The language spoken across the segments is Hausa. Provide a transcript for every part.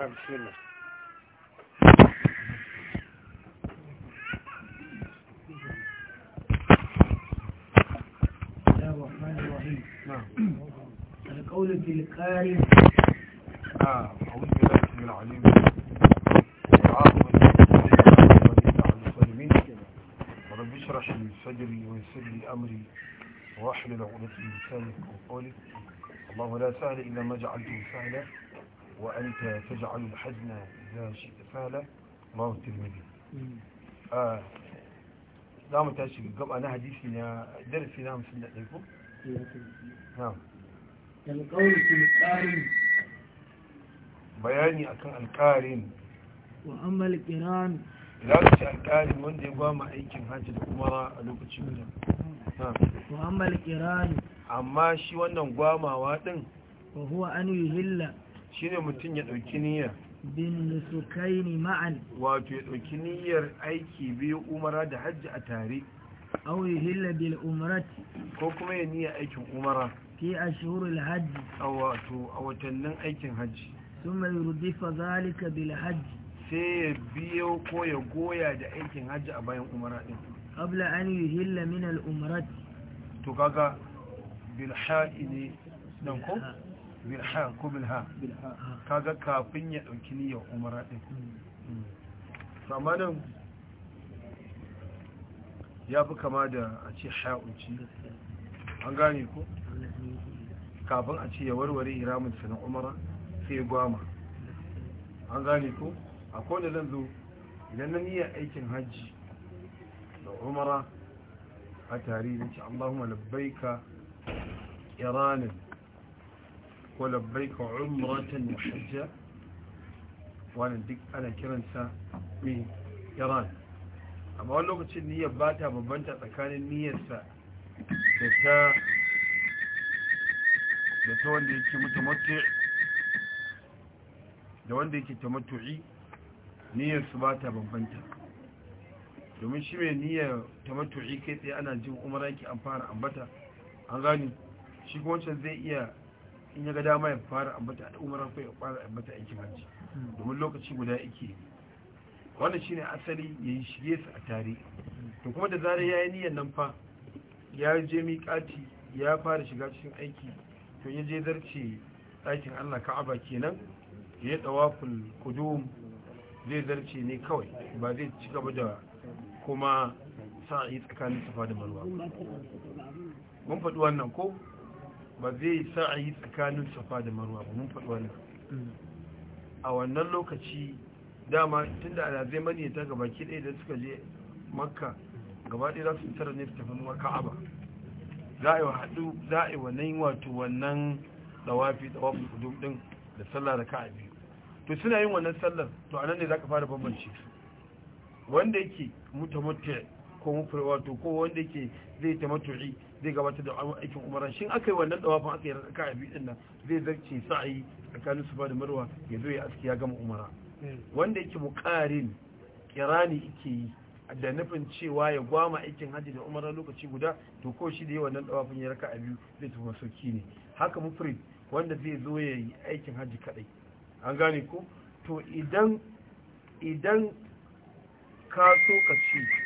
بسم الله الرحمن الرحيم نعم القول في القارئ اه اعوذ بالله من العليم اشرح لي صدري ويسر لي امري واحلل عقدة من لساني وقولي لا سهل الا ما جعلته سهلا وأنت تجعل الحزن إذا شئت فهلا رواه الترمذي za mu tashi gaba na hadisi na darasi na hamsin da ɗaiko? bayani akan alƙarin wa ammal ƙiran lalace alƙarin wanda ya gwama aikin hajji da kuma a lokacin da wa ammal ƙiran amma shi wannan gwamawa ɗin wa huwa an shine mutum ya dauki niyyar bin nusukaini ma'an wato ya dauki niyyar aiki biyu umara da hajji a tare aw yuhilla bil umrati ko kuma ya niyya aikin umara fi ashhuril hajji aw wato a watannin aikin hajji thumma yurdifa zalika bil hajji sai ya biyo ko ya goya da aikin hajji a bayan umara din qabla an yuhilla min al umrati to kaga bil ha'ili dan ko bilha ko bilha kaga kafin ya dauki niyyar umara din samanin hmm. ya fi kama da a ce sha'unci an gane ko kafin a ce ya warware iramunsa sanin umara sai gwama an gane ko a kone zan zo idan na niyyar aikin hajji da umara a tare da ce allahumma labbaika iranin ولبيك عمرة وحجة وانا duk ana kiransa mai yaran amma wani lokacin niyyar ba ta bambanta tsakanin niyyarsa da ta wanda yake mutumatu da wanda yake tamatu'i ba ta bambanta domin shi mai niyyar tamatu'i kai tsaye ana jin umaraki yake an ambata an gani shi kuma wancan zai iya in ya ga dama ya fara ambata al'umara ko ya fara ambata aikin hajji domin lokaci guda yake wannan shine asali ya yi shirye su a tare to kuma da zarar ya yi niyyar nan fa ya je miƙati ya fara shiga cikin aiki to ya je zarce ɗakin Allah Ka'aba kenan ya yi tawaful qudum zai zarce ne kawai ba zai ci gaba da kuma sa'i tsakanin safa da marwa mun faɗi wannan ko ba zai sa a yi tsakanin safa da marwa ba mun faɗi ne mm. a wannan lokaci dama tun da ana zai mani ta gaba ke ɗaya da suka je makka gaba ɗaya za su tara ne su tafi nuwa ka'aba za a yi haɗu za a yi wannan wato wannan tsawafi tsawafi kudu ɗin da sallah da ka'a biyu to suna yin wannan sallar to anan ne za ka fara bambance su wanda yake mutamata ko mufar wato ko wanda yake zai ta zai gabatar da aikin umaran shin aka yi wannan dawafin aka yi raka a biyu dinnan zai zarce sa'ayi tsakanin su da marwa ya zo ya aski ya gama umara wanda yake muƙarin kirani yake yi da nufin cewa ya gwama aikin hajji da umara lokaci guda to ko shi da yi wannan dawafin ya raka a biyu zai tafi masauki ne haka mufrid wanda zai zo ya yi aikin hajji kadai an gane ko to idan idan ka so ka ci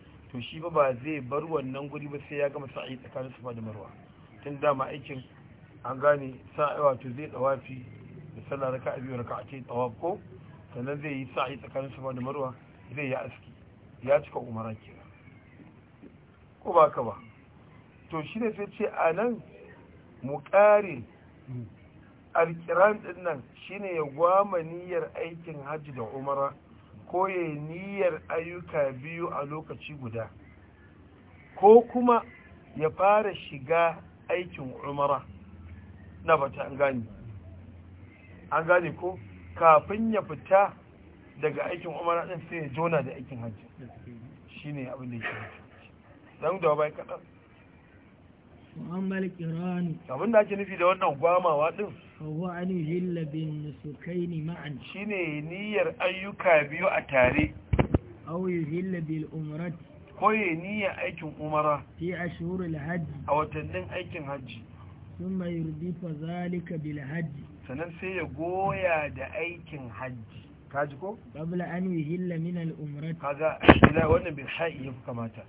to shi ba ba zai bar wannan guri ba sai ya gama sa'i tsakanin safa da marwa tun dama aikin an gane sa'i wato zai tsawafi da sallah raka a biyu raka a ce tsawaf ko sannan zai yi sa'i tsakanin safa da marwa zai yi aski ya cika umara kenan ko ba ka ba to shi ne sai ce a nan kare alkiran din nan shi ne ya gwama niyyar aikin hajji da umara ko ya niyyar ayyuka biyu a lokaci guda ko kuma ya fara shiga aikin umara na bata an gani an gani ko kafin ya fita daga aikin umara ɗin sai ya jona da aikin hajji shi ne abin da yake dan da wabai kaɗan abin da ake nufi da wannan gwamawa ɗin. fahu an yuhilla sukai nusukaini ma'an Shi ne niyyar ayyuka biyu a tare aw yuhilla bil umrati ko ya niyyar aikin umara fi ashhurul hajji a watannin aikin hajji thumma yurdifa zalika bil hajji sannan sai ya goya da aikin hajji kaji ko? babla an yuhilla min al-umrati kaga ila wannan bil ha'i yafi kamata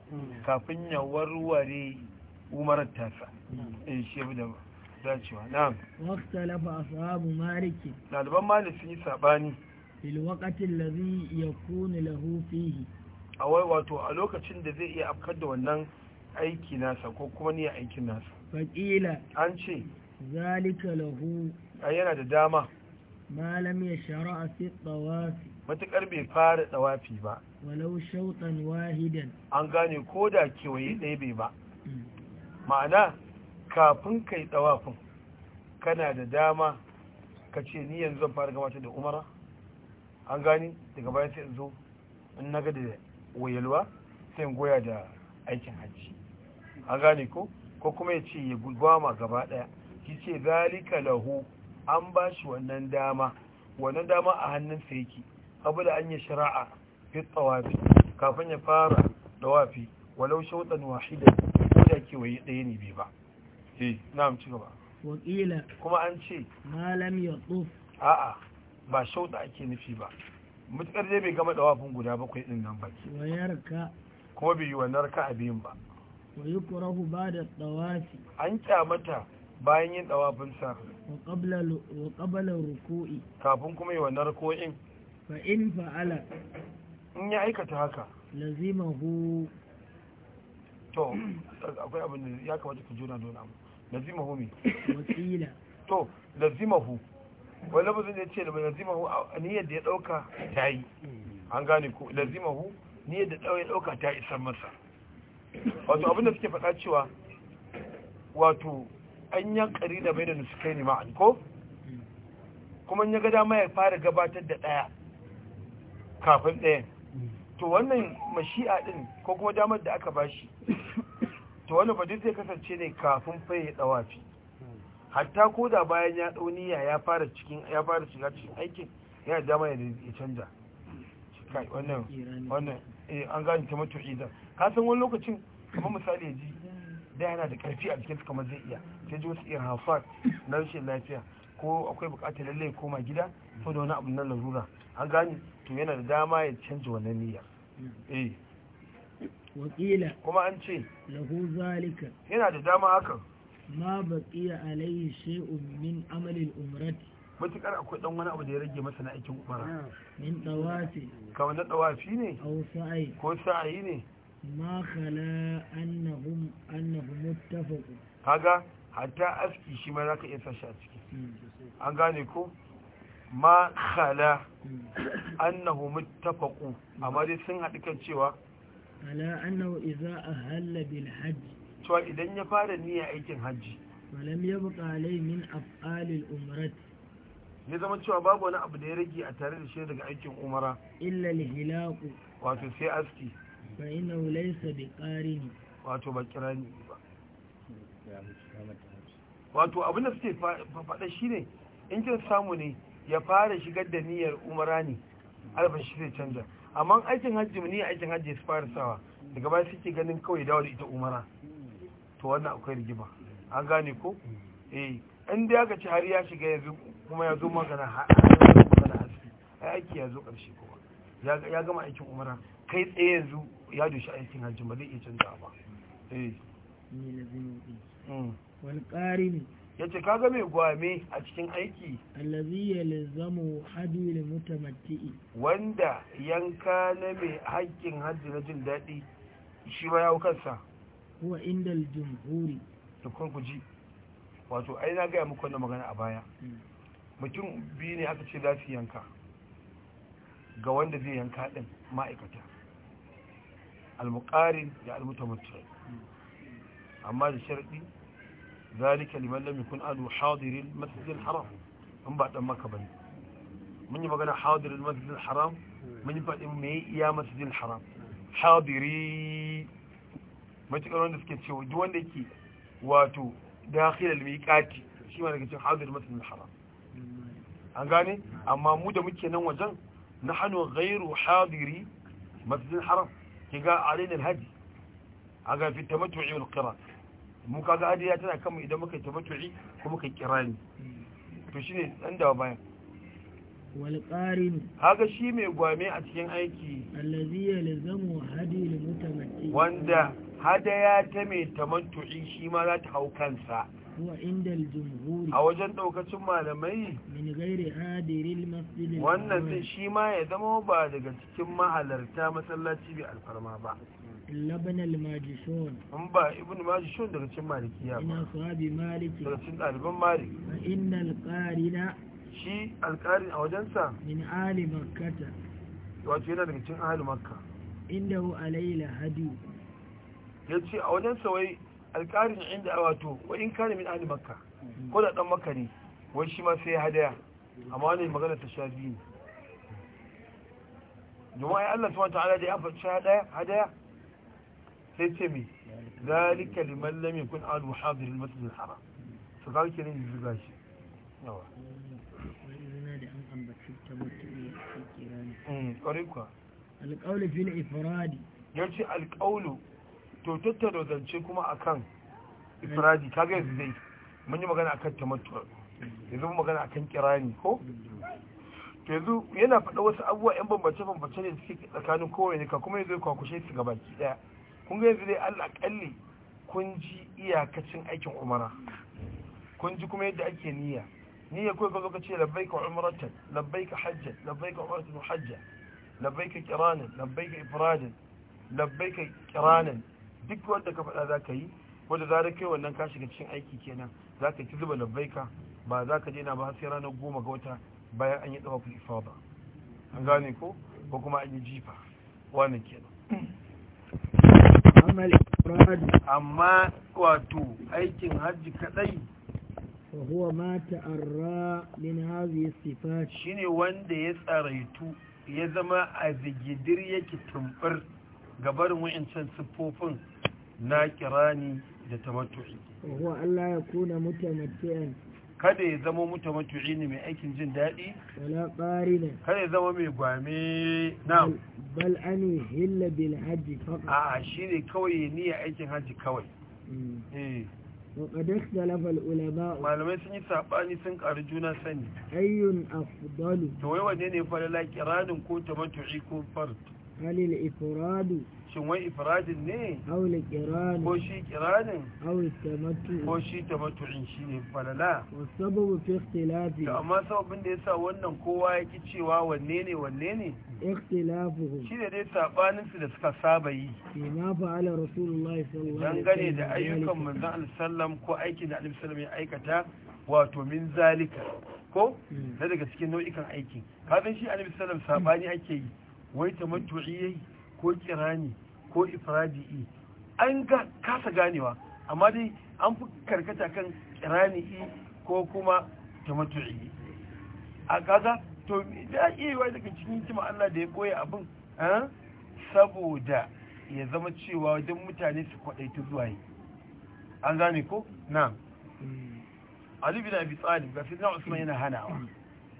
kafin ya warware umarar tasa eh shi da ba dacewa na'am waqtalafa ashabu malik daliban malik sun yi sabani fil waqti allazi yakunu lahu fihi a wai wato a lokacin da zai iya afkar da wannan aiki nasa ko kuma ne aikin nasa faqila an ce zalika lahu yana da dama malam ya shara'a fi tawafi matukar bai fara tawafi ba walau shautan wahidan an gane ko da kewaye ɗaya bai ba mm. ma'ana kafin ka yi tawafin kana da dama ka ce ni yanzu zan fara gabata da umara an gani daga bayan sai zo in na da wayalwa sai goya da aikin hajji an gane ko ko kuma ya ce ya gwama gaba daya shi ce zalika lahu an ba shi wannan dama wannan dama a hannun yake abu da an yi shari'a fi tsawafi kafin ya fara dawafi walau shautan wahida ko da kewaye ɗaya ne bai ba eh na'am ci gaba wakila kuma an ce malam ya tsuf a'a ba shauda ake nufi ba mutukar dai bai gama dawafin guda bakwai din nan baki wayarka kuma bai yi wannan raka biyun ba wa ba da tawafi an kyamata bayan yin dawafin sa wa qabla wa ruku'i kafin kuma yi wannan ruku'in fa in fa'ala in ya aikata haka Lazima, lazimahu to akwai abin da ya kamata ku juna nuna mu lazimahu mi wakila to lazimahu wani lafazin da ya ce lazimahu niyyar da ya dauka ta yi an gane ko lazimahu niyyar da ya dauka ta yi isar masa wato abin da suke faɗa cewa wato an yankari da mai da kai ne ma'an ko kuma ya ga dama ya fara gabatar da ɗaya kafin ɗayan to wannan mashi'a din ko kuma damar da aka bashi to wannan ba zai kasance ne kafin fa ya dawafi hatta ko da bayan ya dau niyya ya fara cikin ya fara shiga cikin aikin yana da dama ya canja kai wannan wannan eh an gane ta mutu idan ka san wani lokacin kamar misali ya ji da yana da karfi a jikinsa kamar zai iya sai ji wasu irin hafat na rashin lafiya ko akwai bukatar lallai koma gida ko da wani abu na larura an gane to yana da dama ya canja wannan niyyar Eh. wakila kuma an ce lahu zalika yana da dama hakan ma baqiya alayhi shay'un min amali al-umrati matukar akwai dan wani abu da ya rage masa na aikin umara ah. min tawafi kamar na tawafi ne aw sa'i ko sa'i ne ma khala annahum annahum muttafaqun kaga hatta aski shi ma zaka iya sasha a ciki hmm. an gane ko ma khala annahu muttafaqu amma dai sun haɗu kan cewa ala annahu idza ahalla bil hajj cewa idan ya fara niyyar aikin hajji walam yabqa alai min af'al al umrat ya zama cewa babu wani abu da ya rage a tare da shi daga aikin umara illa li hilaqu wato sai aski fa innahu laysa bi qarin wato ba kirani ba wato abin da suke faɗa shine in kin samu ne ya fara shigar da niyyar umara ne albashi shi zai canza. amma aikin hajji mu ne aikin hajji su fara sawa daga baya suke ganin kawai dawo da ita umara to wannan akwai rigima an gane ko eh in dai aka ci har ya shiga yanzu kuma ya zo magana magana asiri ai aiki ya zo karshe kuma ya gama aikin umara kai tsaye yanzu ya doshi aikin hajji ba zai iya canza ba eh mm. ƙari qarini yace kaga mai gwame a cikin aiki zamo hadu hadil mutamatti wanda yanka na mai haƙƙin hajji na jin daɗi shi ma yawo kansa huwa indal jumhuri to kun ji wato ai na gaya muku wannan magana a baya hmm. mutum biyu ne aka ce za su yanka ga wanda zai yanka din ma'aikata ya da almutamatti hmm. amma da sharɗi zalika liman lam yakun adu hadir al-masjid haram in ba maka bane mun yi magana hadir al-masjid al-haram mun yi fadin me iya masjid al-haram hadiri matukar wanda suke cewa duk wanda yake wato dakhil al-miqati shi ma daga cikin hadir al haram an gane amma mu da muke nan wajen nahnu ghayru hadiri masjid al-haram kiga alaina al-hadi aga fi tamattu'i wal mu ga adiya tana kanmu idan muka yi tabattu'i ko muka yi kirani to shine dan dawa bayan wal qarin haka shi mai gwame a cikin aiki allazi yalzamu hadi lil wanda hadaya ta mai tamattu'i shi ma za ta hau kansa wa inda al-jumhur a wajen daukacin malamai min ghairi hadiril masjid wannan shi ma ya zama ba daga cikin mahalarta masallaci bi alfarma ba اللبن الماجشون ان با ابن ماجشون daga cikin malikiya ba ina sahabi maliki daga cikin daliban malik fa innal qarina shi alqarin a wajensa min ali makkata yana daga cikin ahli makka indahu alayla hadi yace a wajensa wai alqarin inda wato wa in kana min ahli makka ko da dan makka ne wai shi ma sai hadaya amma wannan magana ta shafi ne domin ai Allah subhanahu wa ta'ala da ya faɗi hadaya sai ce mai zalika liman lam yakun ahlu hadir al-masjid al-haram to ga ke ne zuga shi yawa kwarai mm, kuwa alƙaulu fil ifradi yarci alƙaulu to tattara zance kuma akan ifradi kaga yanzu dai mun yi magana akan tamattu yanzu mun magana akan kirani ko to yanzu yana faɗa wasu abubuwa yan bambance bambance ne suke tsakanin kowane ka kuma yanzu kwakushe su gabaki daya kun ga yanzu dai allah kalli kun ji iyakacin aikin umara kun ji kuma yadda ake niyya niyya kawai ka ka ce labbaika umratan labbaika hajjan labbaika umratan hajja labbaika qiranan labbaika ifradan ka qiranan duk wanda ka faɗa za ka yi wanda zarar kai wannan ka shiga cikin aiki kenan za ka ki zuba labbaika ba za ka na ba sai ranar goma ga wata bayan an yi ku ifada an gane ko ko kuma an yi jifa wannan kenan amma amma wato aikin hajji kadai wa huwa ma ta'arra min hadhihi sifat shine wanda ya tsaraitu ya zama a zigidir yake tumbar gabar wa'ancan siffofin na kirani da tamattu'i wa huwa Allah ya kuna mutamatti'an kada ya zama mutamatu'i ne mai aikin jin daɗi wala qarina kada ya zama mai gwame na'am bal an hilla bil hajji faqat a ne kawai ya niya aikin hajji kawai mm. eh وقد اختلف العلماء malamai sun yi saɓani, sun karu juna sani ayyun afdalu to wai wanne ne fa la kiranin ko tamattu'i ko fard halil ifradu shin wai ifradin ne aule kiranin ko shi kiranin aule tamattu ko shi tamattu'in shi ne falala wasababu fi ikhtilafi to amma sababin da yasa wannan kowa yake cewa wanne ne wanne ne ikhtilafu shi ne dai sabanin su da suka saba yi kima fa'ala rasulullahi sallallahu alaihi wasallam dangane da ayyukan manzon sallam ko aikin da annabi sallam ya aikata wato min zalika ko hmm. na daga cikin nau'ikan aikin, kafin shi annabi sallam sabani ake yi wai tamattu'i yayi ko kirani ko ifradi'i an ga kasa ganewa amma dai an fi karkata kan kirani'i ko kuma tamattu'i a kaza to da iya yiwa daga cikin kima Allah da ya koya abin saboda ya zama cewa wajen mutane su ta zuwa yi an gane ko na hmm. Ali na bi tsari ga sai Usman yana hanawa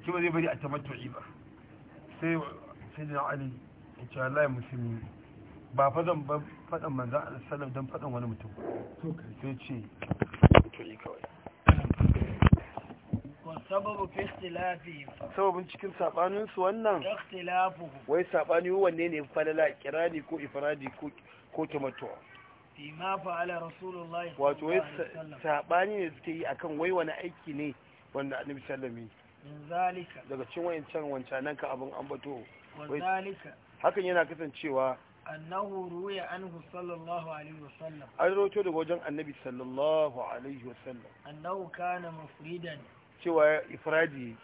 Kima zai bari a tamattu'i ba sai sai da Ali ya Allah musulmi ba fadan ba fadan manzo Allah sallam dan fadan wani mutum to sai ce to yi kawai sababu fi istilafi sababin cikin sabanin su wannan istilafu wai sabani wanne ne falala kirani ko ifradi ko ko tamattu ma fa'ala rasulullahi wato wai sabani ne suke yi akan wai wani aiki ne wanda annabi sallallahu alaihi wasallam yi daga cikin wayancan wancan nan ka abun ambato wai zalika hakan yana kasancewa annahu ruya anhu sallallahu alaihi wasallam an roto daga wajen annabi sallallahu alaihi wasallam annahu kana mufridan cewa ifradi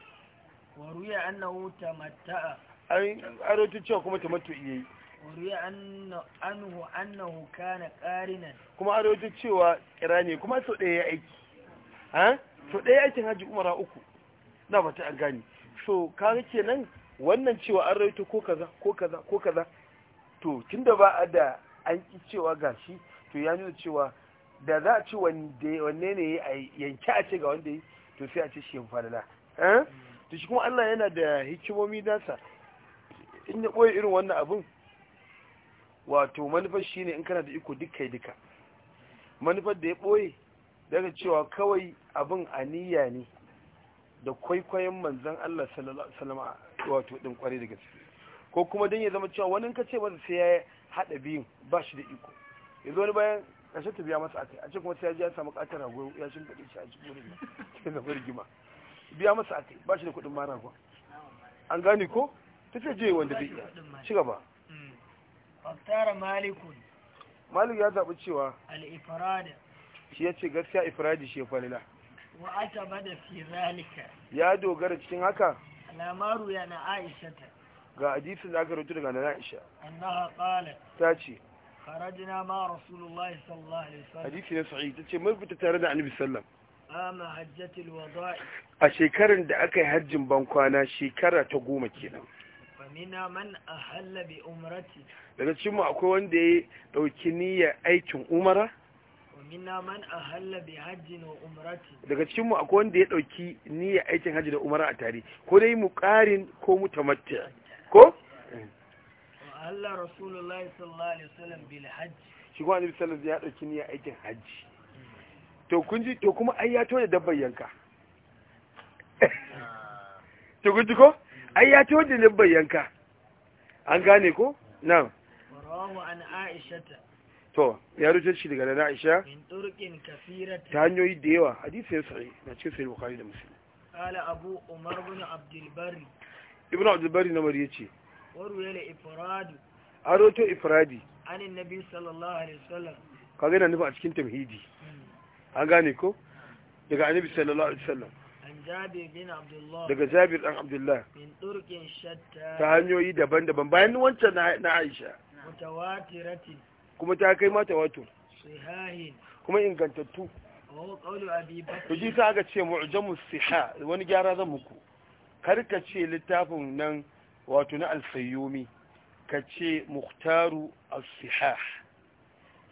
wa ruya annahu tamatta'a an roto cewa kuma tamattu yayi wa ruya annahu annahu kana qarinan kuma an roto cewa qirani kuma so daya ya aiki ha so daya aikin haji umara uku na bata ta gani so kaga kenan wannan cewa an rawaito ko kaza ko kaza ko kaza to tunda ba a da an ki cewa gashi to ya nuna cewa da za a ci wanne ne a yanke a ce ga wanda yi to sai a ce shi falala eh? to shi kuma Allah yana da hikimomi nasa in ya ɓoye irin wannan abun wato manufar shi ne in kana da iko duka duka manufar da ya ɓoye daga cewa kawai abin aniya ne da kwaikwayon manzan Allah salama wato din kwarai daga ciki ko kuma don ya zama cewa wani ka ce masa sai ya haɗa biyun ba shi da iko yanzu wani bayan kashe ta biya masa akai a ce kuma sai ya ji ya samu ƙatar rago ya shin kaɗe shi a cikin wurin sai zama rigima biya masa akai ba shi da kuɗin mara ragon an gane ko ta ce je wanda bai iya ci gaba faktara malikun malik ya zaɓi cewa al-ifrada shi ya ce gaskiya ifradi shi ya falila wa aka bada fi zalika ya dogara cikin haka Alamaru maru ya na aisha ta ga hadisin da aka rubuta daga na aisha annaha qalat ta ce kharajna ma rasulullahi sallallahu alaihi wasallam hadisi ne sahih tace mun fita tare da annabi sallallahu ama hajjatul wada'i a shekarar da aka yi hajjin bankwana shekara ta goma kenan famina man ahalla bi umrati daga cikin mu akwai wanda ya dauki niyyar aikin umara daga cikinmu akwai wanda ya ɗauki niyyar aikin hajji da umara a tare ko dai mu karin ko mu tamatti ko? Allah Rasulullah sallallahu Alaihi wasallam bil hajji shi ko annabi sallallahu alaihi wasallam ya ɗauki niyyar aikin hajji to kun ji to kuma ai ya da dabban yanka to kun ji ko ai ya da dabban yanka an gane ko na'am rawu an aisha to ya rujar shi daga nana aisha ta hanyoyi da yawa hadisi ya sa'i na cikin sayi bukari da musulmi ala abu umar bin abdulbari ibn abdulbari na mari ya ce warware ifradu a roto ifradi anin nabi sallallahu alaihi wasallam ka gina nufa a cikin tamhidi hmm. an gane ko daga annabi sallallahu alaihi wasallam daga jabir dan abdullah ta hanyoyi daban-daban bayan wancan na aisha kuma ta kai mata wato kuma ingantattu to oh, ji sa aka ce mu'jamu siha wani gyara zan muku karka ce littafin nan wato na alfayomi ka ce muhtaru al-sihah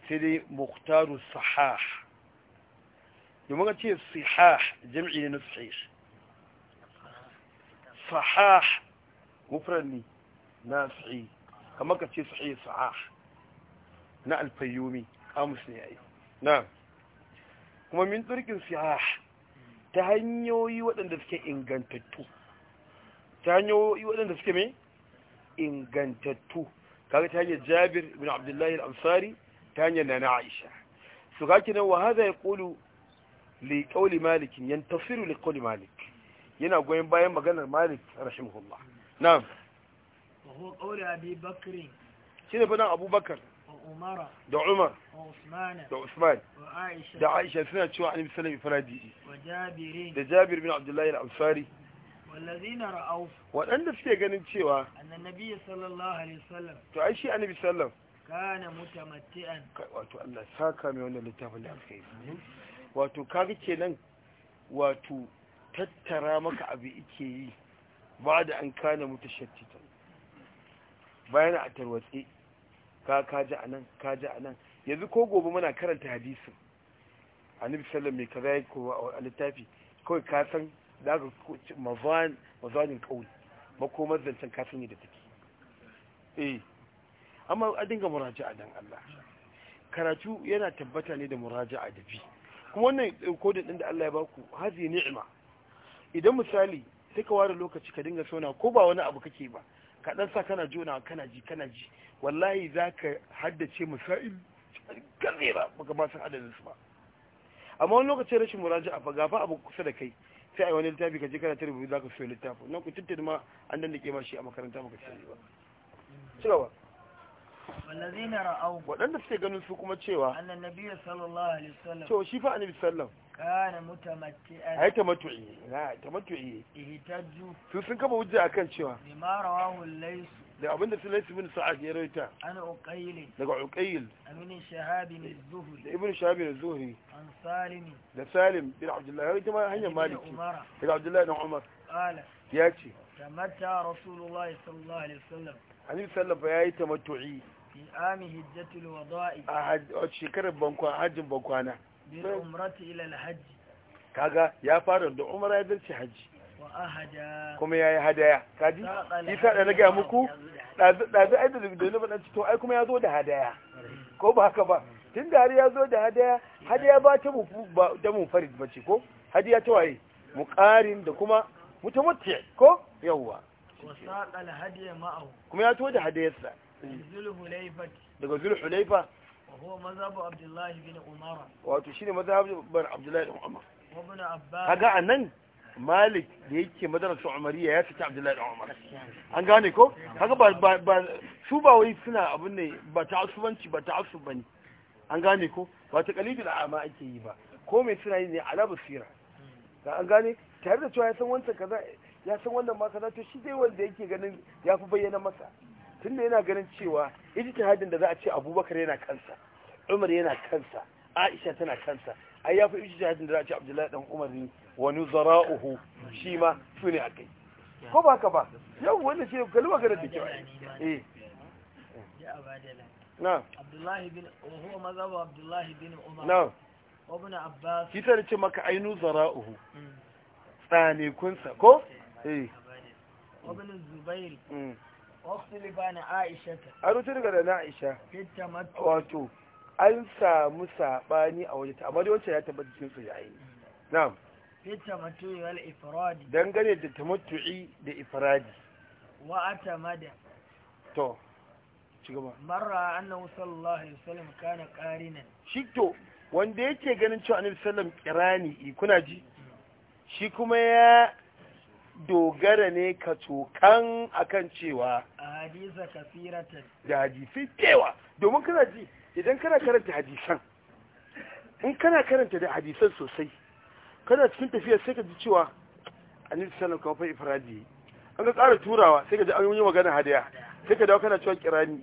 sai dai muhtaru sahah domin ka ce sihah jam'i ne na sahih sahah mufranni na sahih kamar ka ce sahih sahah na alfayyumi amus ne yi na kuma min turkin siya ta hanyoyi waɗanda suke ingantattu ta hanyoyi waɗanda suke mai ingantattu kaga ta hanyar jabir bin abdullahi al'amsari ta hanyar nana aisha su kaki nan wa haza ya li liƙauli malik yan tafiru liƙauli malik yana goyon bayan maganar malik rashin hulla na huwa qawli abi fa nan abubakar da umar da usman da aisha suna cewa annabi sallallahu alaihi wasallam da jabir abdullahi al-ansari waɗanda suke ganin cewa annabi to ai shi annabi sallallahu wato Allah saka mai wannan littafin da alkhairi wato kaga kenan wato tattara maka abu yake yi ba da an kana mutashattitan bayan a tarwatse ka kaji nan kaji nan yanzu ko gobe muna karanta hadisin annabi sallallahu alaihi kaza yake ko a littafi kawai ka san da mazan mazanin kauli makomar zancen ka san yadda take eh amma a dinga muraja'a dan Allah karatu yana tabbata ne da muraja'a da bi kuma wannan kodin din da Allah ya baku hazi ni'ima idan misali sai ka ware lokaci ka dinga sona ko ba wani abu kake ba ka dan sa kana jona kana ji kana ji wallahi zaka haddace masail kazira baka ba san adadin su ba amma wani lokacin rashin a fa gafa abu kusa da kai sai a wani littafi ka je kana tarbi za ka soyi littafi nan ku tuntun ma an dan dake ma shi a makaranta maka sani ba ra'au waɗanda suke ganin su kuma cewa sallallahu alaihi to shi fa annabi sallallahu kana mutamatti'an ai tamattu'i na tamattu'i ihtajju su sun kama hujja akan cewa lima rawahu lays da abinda su lays ibn sa'ad ya rawaita ana uqayl daga uqayl amin shahab bin zuhri da ibn shahab bin zuhri an salimi. da salim bin abdullah rawaita ma hanyar maliki daga abdullah bin umar qala ya ce tamatta rasulullahi sallallahu alaihi wasallam annabi sallallahu alaihi wasallam yayi tamattu'i fi ami hijjatul wada'i a shekarar bankwana hajjin bankwana bil umrati ila al hajj kaga ya fara da umra ya zarce hajji kuma ya yi hadaya kaji isa da na gaya muku ɗazu ai da na ci to ai kuma ya zo da hadaya ko ba haka ba tun da har ya zo da hadaya hadaya ba ta mu farid ba ce ko hadiya ta waye karin da kuma mutamatti ko yawwa kuma ya to da hadayarsa daga zulhulaifa huwa mazhabu abdullahi wato shine mazhabu ban abdullahi bin umar kaga anan malik da yake madrasa umariya ya fita abdullahi bin umar an gane ko kaga ba ba su ba wai suna abin ne ba asubanci ba ta'assub bane an gane ko ba ta da amma ake yi ba ko mai suna yi ne ala basira ka an gane tare da cewa ya san wancan kaza ya san wannan ma kaza to shi dai wanda yake ganin ya fi bayyana masa tunda yana ganin cewa ijtihadin da za a ce abubakar yana kansa umar yana kansa aisha tana kansa ai ya fi ijtihadin da za a ce abdullahi dan umar ne wa nuzara'uhu shi ma su ne akai ko ba ka ba yau wanda ce kalli maganar da kyau eh na abdullahi bin abdullahi bin umar na ibn abbas kita da ce maka ainu zara'uhu mm. tsane kunsa ko eh, eh. ibn zubair mm. An rutu daga da aisha wato an samu saɓani a wajen amma da wancan ya tabbata cikin su yayi na'am dangane da tamattu'i da ifradi wa atamada to ci gaba marra annahu sallallahu alaihi wasallam kana qarinan shi to wanda yake ganin cewa annabi sallallahu alaihi wasallam kirani kuna ji shi kuma ya dogara ne ka cokan akan cewa hadisa kafiratan da hadisi cewa domin kana ji idan kana karanta hadisan in kana karanta da hadisan sosai kana cikin tafiya sai ka ji cewa anil sallam kawo fai ifradi an ga tsara turawa sai ka ji an yi magana hadaya sai ka dawo kana cewa kirani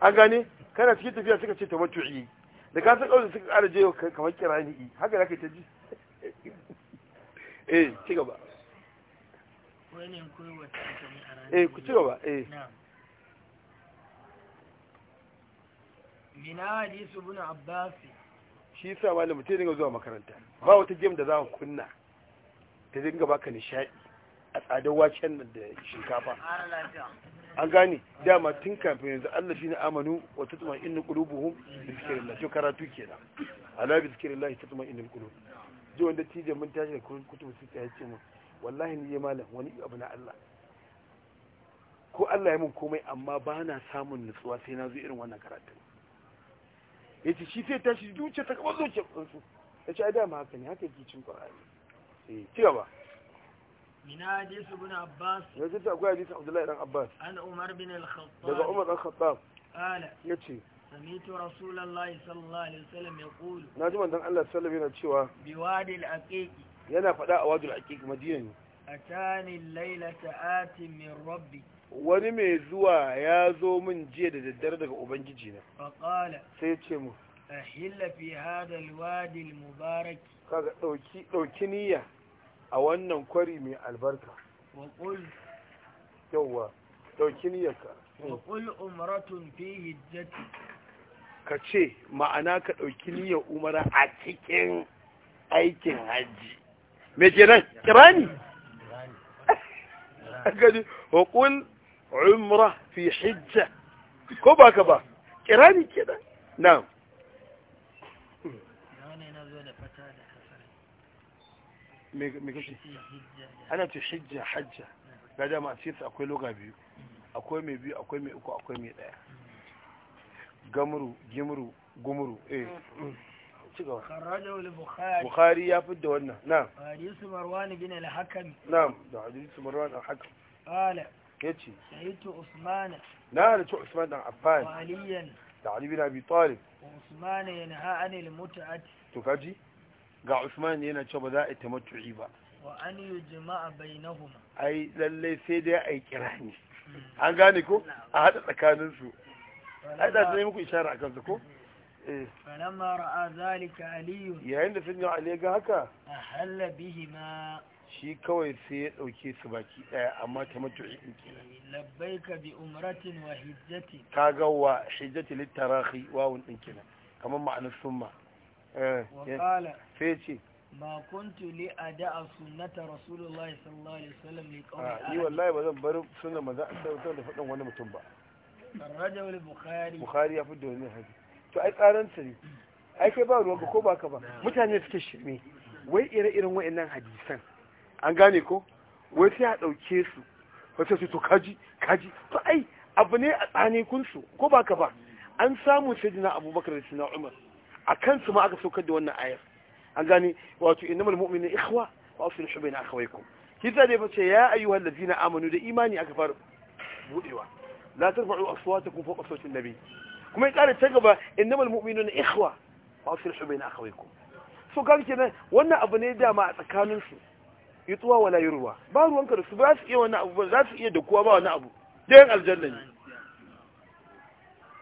an gane kana cikin tafiya sai ka ce tamattu'i da ka san kawai sai ka ƙara je kamar kirani haka da ka ta ji eh ci gaba eh ku ci gaba eh mina hadisu bin abbas shi sa malam te dinga zuwa makaranta ba wata gem da za kunna ta dinga baka nishadi a tsadar wacen da shinkafa an gane dama tun kafin yanzu Allah shine amanu wa tatma innu qulubuhum bi zikrillah to karatu kenan ala bi zikrillah tatma innul qulub ji wanda tije mun tashi da kutubu sita yace mu wallahi ni malam wani abu na Allah ko Allah ya mun komai amma ba na samun nutsuwa sai na zo irin wannan karatun ya ce shi sai tashi duce ta kaba zuciya kansu ya ce ai haka ne haka yake cin ƙwararri sai eh, ci gaba min hadis ibn abbas ya ce ta akwai hadis abdullahi dan abbas an umar bin al-khattab daga umar dan khattab ala ya ce samitu rasulullahi sallallahu alaihi wasallam yaqulu na ji manzon Allah sallallahu alaihi wasallam yana cewa biwadil aqiqi yana faɗa a wajul aqiq madina ne atani laylata ati min rabbi wani mai zuwa ya zo min jiya da daddare daga ubangiji na faqala sai ce mu ahilla fi hada alwadi almubarak kaga dauki dauki niyya a wannan kwari mai albarka wa qul yawa dauki ka. wa qul umratun fi hijjati ka ce ma'ana ka dauki niyyar umara a cikin aikin hajji me kenan kirani gani hukun umra fi hijja ko ba ka ba kirani kenan na ana ce hijja hajja ga dama a cikin akwai loga biyu akwai mai biyu akwai mai uku akwai mai daya gamuru gimuru gumuru eh mm. ci gaba kharajahu bukhari bukhari ya fi da wannan na'am hadith marwan bin al-hakam na'am da hadith marwan al-hakam qala yace sayyidu usman na da usman dan affan Waliyan. da ali bin abi talib usman yanha anil mut'at to kaji ga usman yana cewa ba za a yi tamattu'i ba wa an yujma'a bainahuma ai lalle sai dai ai kirani hmm. an gane ko a haɗa tsakaninsu hmm. ai da zai muku isharar akan su ko falamma ra'a zalika yayin da sayyidina ali ga haka ahalla bihima shi kawai sai ya dauke su baki daya amma ta matu'i in kenan labbaika bi umratin wa hijjati kaga wa hijjati litarahi wawun din kenan ma'anar summa eh sai ce ma kuntu li ada'a sunnata rasulullahi sallallahu alaihi wasallam li qawli ni wallahi bar da fadan wani mutum ba Rajab al-Bukhari Bukhari ya fi da wani hadisi to ai karanta ne ai kai ba ruwanka ko ba ka ba mutane suke shirme wai ire irin wa'annan hadisan an gane ko wai sai a dauke su wata su to kaji kaji to ai abu ne a su ko ba ka ba an samu sajina abubakar da sayyidina umar a kansu ma aka saukar da wannan ayar an gane wato innamal mu'minu ikhwa wa afsil shubaina akhawaykum kisa dai bace ya ayyuhal ladina amanu da imani aka fara budewa la tarfa'u aswatakum fawqa sawti an-nabi kuma ya kare ta gaba innamal mu'minuna ikhwa wa aslihu bayna akhawaykum so kan kenan wannan abu ne dama a tsakanin su tsuwa wala yurwa ba ruwanka da su ba su iya wannan abu ba za su iya da kowa ba wannan abu dan aljanna ne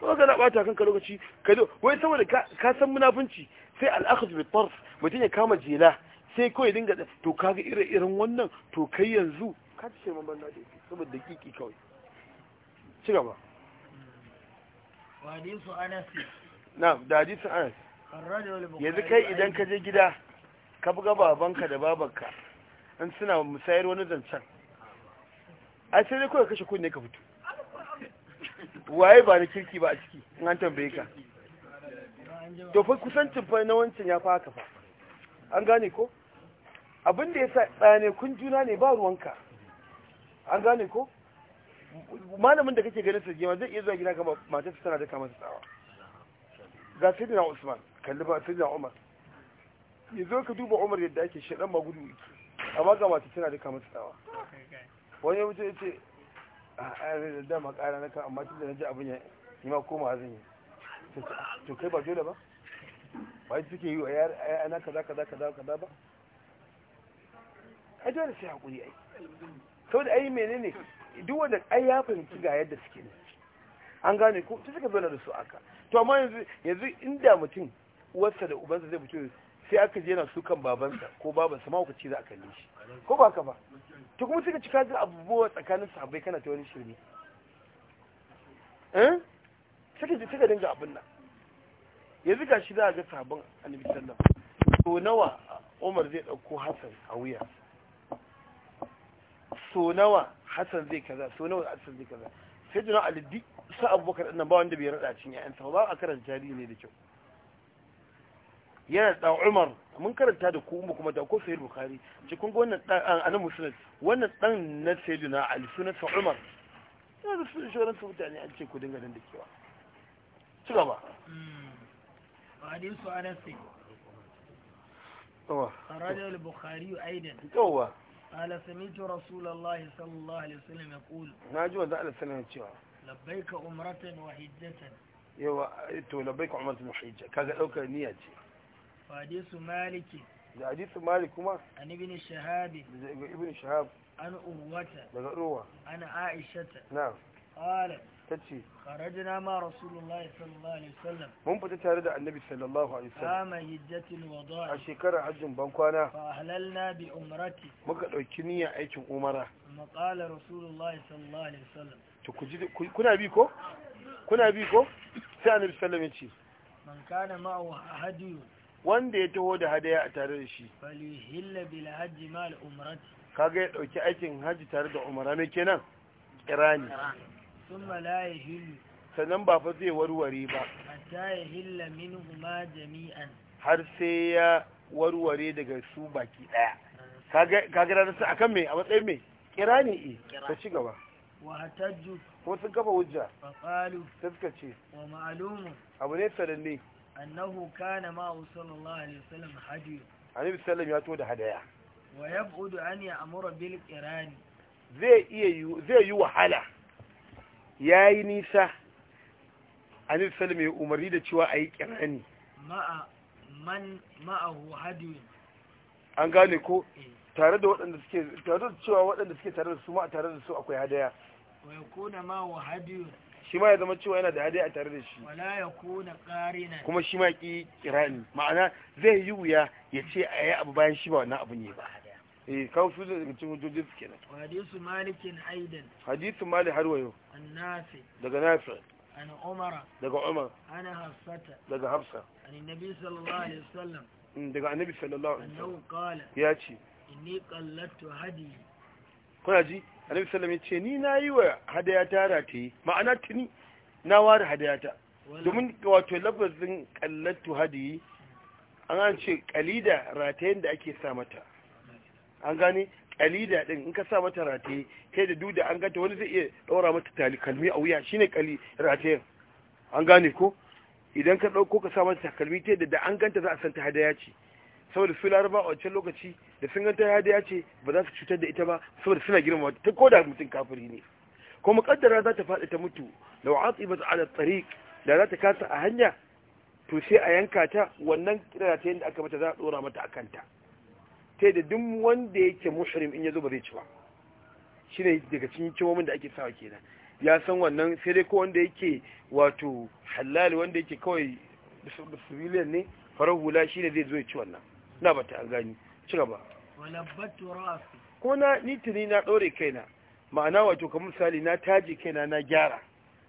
ko ka na bata kanka lokaci ka zo wai saboda ka san munafunci sai al-akhdh bi tarf mutun ya kama jela sai kawai dinga to kaga irin irin wannan to kai yanzu ka ce man ban da saboda dakiki kawai ci gaba anas yanzu kai idan ka je gida ka buga babanka da babanka in suna musayar wani zancen ai sai dai kuwa kashe kunne ka fito waye ba na kirki ba a ciki in an tambaye ka to fa kusancin fa na wancan ya fa haka fa an gane ko abinda ya sa ɗane kun juna ne ba ruwanka an gane ko malamin da kake ganin sarki zai iya zuwa gida ga matar su tana da kama tsawa ga sayyidina Usman kalli ba sayyidina Umar ya zo ka duba Umar yadda ake shi ba magudu yake amma ga matar tana da kama tsawa wani yawancin ya ce a da dama ƙara na kan amma tun da na ji abin ya yi ma koma zan yi ah, to kai ba dole ba ba suke yi wa yana kaza kaza kaza kaza ba a dole sai haƙuri ai sau da ai menene duk wanda ai ya fahimci ga yadda suke ne an gane ko su suka zauna da su aka to amma yanzu yanzu inda mutum uwarsa da ubansa zai fito sai aka je yana sukan babansa ko babansa ma ci za a kalle shi ko ba ka ba to kuma suka cika da abubuwa tsakanin sahabbai kana ta wani shirme eh suka ji suka dinga abin nan yanzu ga shi za a ga sabon annabi sallallahu to nawa Umar zai dauko Hassan a wuya so nawa Hassan zai kaza so nawa Hassan zai kaza sai duna Ali duk sa Abubakar din ba wanda bai rada cin yayan sa ba a karanta jari ne da kyau yana da Umar mun karanta da ku mu kuma da ko Sayyid Bukhari ga wannan dan anan musulmi wannan dan na sayyiduna Ali sunan sa Umar yana da su shoran su mutane an ce ku dinga nan da kewa ci gaba hmm. hadin su anas ne yawa kharaja bukhari aidan yawa قال سمعت رسول الله صلى الله عليه وسلم يقول ناجي وذا على السنة تشوى لبيك عمرة وحجة يوا تو لبيك عمرة وحجة كذا لو نية فحديث مالك ده حديث مالك كما عن ابن الشهاب ابن الشهاب عن أروة عن عائشة نعم قالت tace kharajna ma rasulullahi sallallahu alaihi wasallam mun fita tare da annabi sallallahu alaihi wasallam ama hijjatil wada a shekarar hajjin bankwana fa ahlalna bi umrati muka dauki niyyar aikin umara qala rasulullahi sallallahu alaihi wasallam to kuna bi ko kuna bi ko sai annabi sallallahu alaihi wasallam ya ce man kana ma'ahu hadiyun wanda ya taho da hadaya a tare da shi hilla bil hajji mal umrati kaga ya dauki aikin hajji tare da umara me kenan kirani thumma la sannan ba fa zai warware ba hatta yahilla minhuma jami'an har sai ya warware daga su baki daya kaga kaga ranar akan me a matsayin me ne e? ka ci gaba hatajju ko sun kafa hujja faqalu suka ce wa ma'lumun abu ne sananne annahu kana ma sallallahu alaihi wasallam hadiyu annabi sallallahu ya to da hadaya wa yab'udu an yi bil qirani zai iya zai yi wahala ya yi nisa anil salim mai umarni da cewa a yi kirani ma'ahu hadiyun an gane ko eh. tare da waɗanda suke tare da cewa waɗanda suke tare da su ma tare da su akwai hadaya wa yakuna ma'ahu hadiyun shi ma ya zama cewa yana da hadaya a tare da shi wala yakuna qarinan kuma shi ma ki kirani ma'ana zai yi wuya ya ce a yi abu bayan shi ba wannan abu ne ba eh kawo su daga cikin hujjojin su kenan hadisu malikin aidan hadisu malik har wayo annafi daga nafi an umara daga umar ana hafsata daga hafsa an nabi sallallahu alaihi wasallam mm, daga annabi sallallahu alaihi wasallam qala ya ce inni qallatu hadi kuna ji annabi sallallahu alaihi wasallam ya ce ni nayi wa hadaya ta rataye ma'ana tuni na ware hadayata domin wato lafazin qallatu hadi an ce kalida ratayen da ake sa mata an gane kalida din in ka sa mata rataye kai da duda an ganta wani zai iya daura mata tali kalmi a wuya shine kali ratayen an gane ko idan ka dauko ka sa mata takalmi ta da an ganta za a santa hadaya ce saboda su laraba a wancan lokaci da sun ganta hadaya ce ba za su cutar da ita ba saboda suna girma ta koda mutum kafiri ne ko kaddara za ta faɗi ta mutu law ba ala tariq da za ta kasa a hanya to sai a yanka ta wannan ratayen da aka mata za a dora mata akanta ta da duk wanda yake mushrim in ya zo ba zai ci ba shi ne daga cikin cimomin da ake sawa kenan ya san wannan sai dai ko wanda yake wato halal wanda yake kawai civilian ne farar hula shi ne zai zo ya ci wannan na ba ta an gani ci gaba ko na nitini na ɗore kaina ma'ana wato kamar misali na taji kaina na gyara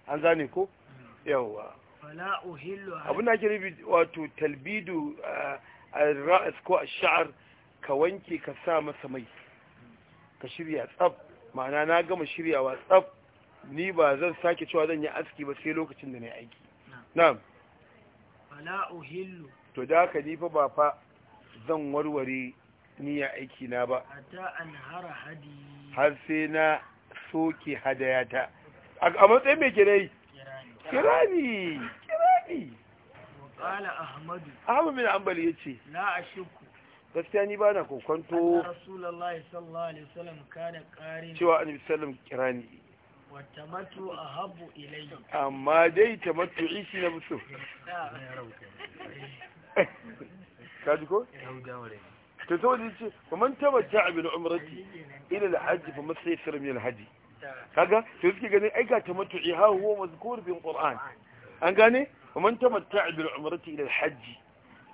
an gane ko yawwa abin da ake rubi wato talbidu a ra'as ko a sha'ar ka wanke ka sa masa mai ka shirya tsaf ma'ana na gama shiryawa tsaf ni ba zan sake cewa zan yi aski ba sai lokacin da na yi aiki na'am fala uhillu to da ka ni fa ba fa zan warware niyya aiki na ba hatta an hara hadi har sai na soke hadayata a matsayin me ke dai kirani kirani qala ahmadu ahmadu min ambali yace la ashuk gaskiya ni ba na kokonto cewa annabi sallam kirani watamatu ahabu amma dai tamattu isi na musu kaji ko to to ji ce man tamatta bi umrati ila al hajji fa masaysir min al-hajj kaga to suke ganin aika tamattu ha huwa mazkur bi al-qur'an an gane man tamatta bi umrati ila al-hajj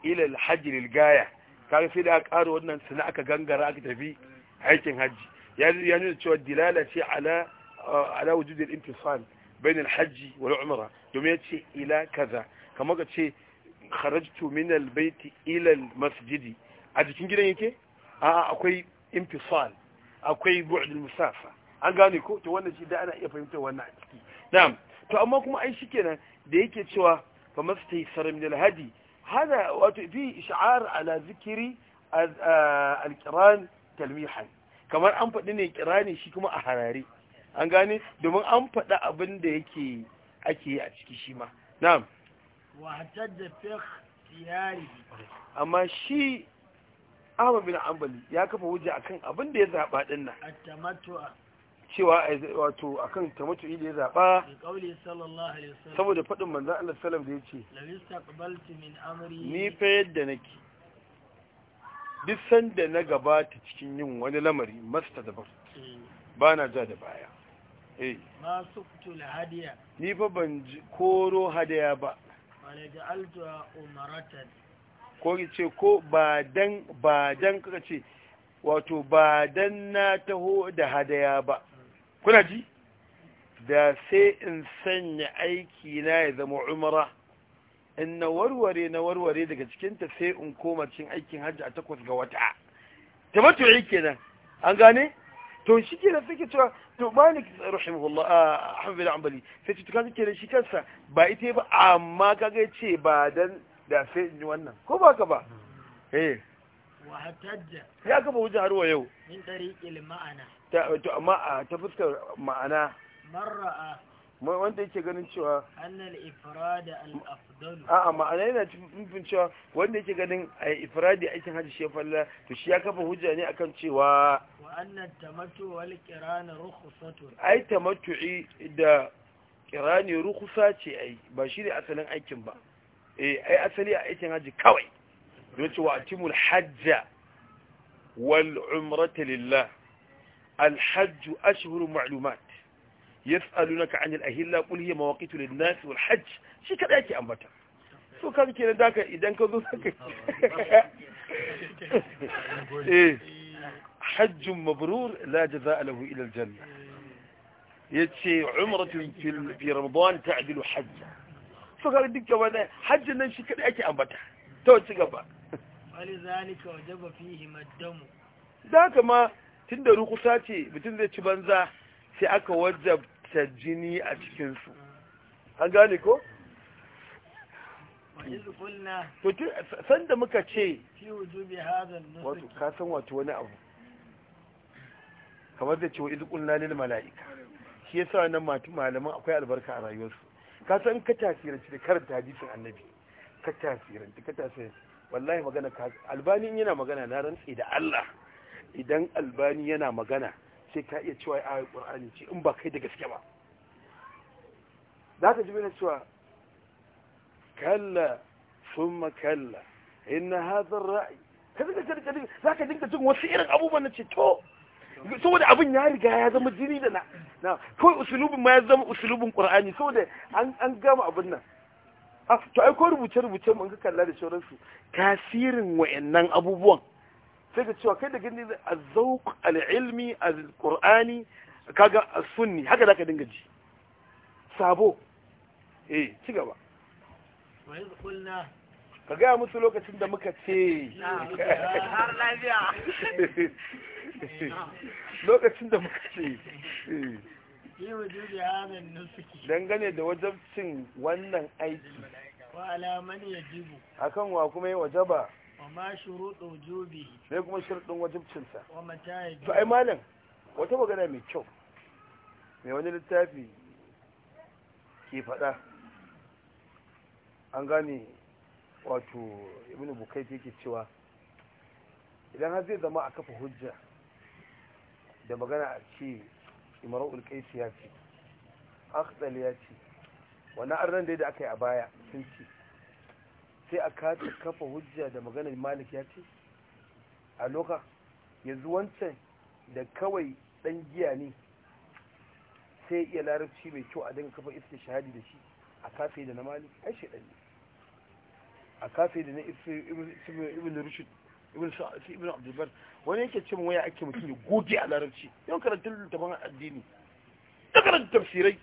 ila hajji hajj lil-gaya kaga sai da aka ƙara wannan sana aka gangara aka tafi aikin hajji ya nuna cewa dilala ce ala ala wujudin intisal bain alhajji wal umra domin ya ce ila kaza kamar ka ce kharajtu min albayti ila almasjidi a cikin gidan yake a akwai intisal akwai bu'd almusafa an gane ko to wannan shi da ana iya fahimtar wannan a ciki na'am to amma kuma ai shikenan da yake cewa fa mastaysara min alhadi hada wato fi isha'ar ala zikiri alkiran talmihan kamar an faɗi ne kirani shi kuma a harare an gane domin an faɗi abinda da yake ake yi a ciki shi ma na'am amma shi ahmad bin ambali ya kafa hujja akan abin da ya zaɓa ɗin nan cewa wato akan ta mutu ya zaba saboda faɗin manzon Allah sallam da yace ni fa yadda nake duk sanda na gabata cikin yin wani lamari masta da mm. ba na ja da baya eh ma hadiya ni fa ban koro hadiya ba wala ja'altu umaratan ko ce ko ba dan ba dan kace wato ba dan na taho da hadaya ba kuna ji da sai in sanya aiki na ya zama umara in na warware na warware daga cikinta sai in koma cin aikin hajji a takwas ga wata yi kenan an gane to shi ke da suke cewa to malik rahimahullah ahmad bin ambali sai ce tukan da shi kansa ba ita ba amma kaga ce ba dan da sai in yi wannan ko ba ka ba hmm. eh ya kafa hujja har wa yau min tariqil ma'ana ta to amma ta fuskar ma'ana mar'a wanda yake ganin cewa annal ifrad al afdal a'a ma'ana yana cikin cewa wanda yake ganin ai ifradi aikin haji shi falla to shi ya kafa hujja ne akan cewa wa annat tamattu wal qiran rukhsatun ai tamattu'i da qirani rukhsa ce ai ba shi ne asalin aikin ba eh ai asali a aikin haji kawai يقول واتم الحج والعمرة لله الحج أشهر معلومات يسألونك عن الأهلة قل هي مواقيت للناس والحج شي كده أم أمبتا سو كان كده داك إذن كذو داك حج مبرور لا جزاء له إلى الجنة يتشي عمرة في رمضان تعدل حج فقال الدكتور حج النشي كده يأتي أمبتا توجد سيقفا falizalika wajaba fihi maddamu da kama tunda rukusa ce mutum zai ci banza sai aka wajabta jini a cikinsu. an gane ko san sanda muka ce wato ka san wato wani abu kamar zai izu kunna ne lalil mala'ika shi sa wannan matu malaman akwai albarka a rayuwarsu ka san ka tasirance da karanta hadisin annabi ka tasirance. ka tasiranci wallahi magana ka albani yana magana na rantsi da Allah idan albani yana magana sai ka iya cewa ayi qur'ani ce in ba kai da gaske ba zaka ji mene cewa kalla thumma kalla in hadha ar-ra'i kaza kaza kaza zaka dinka jin wasu irin abubuwan na to saboda abin ya riga ya zama jini da na kawai usulubin ma ya zama usulubin qur'ani saboda an gama abin nan Ah, to ai ko rubuce-rubuce mun ka kalla da sauransu tasirin wayannan abubuwan sai ka cewa kai da gani azauq alilmi alqur'ani kaga sunni haka zaka dinga ji sabo eh ci gaba ka gaya musu lokacin da muka ce lokacin da muka ce eh. dangane da wajabcin wannan aiki kan wa kuma yi wajaba sai kuma shirɗin wajabcinsa to ai malam wata magana mai kyau mai wani littafi ke faɗa an gane wato ibn bukai yake cewa idan har zai zama a kafa hujja da magana a ce imara'ul kaisi ya ce akhdal ya ce wani arnan da aka yi a baya sun ce sai a kata kafa hujja da maganar malik ya ce a loka yanzu wancan da kawai dan giya ne sai iya larabci mai kyau a dinga kafa iska shahadi da shi a kafa da na malik ai shaidan ne a kafa da na ibn rushd ibn sa'id ibn wani yake cewa waya ake mutum ya goge a larabci yau karanta littafin addini ta karanta tafsirai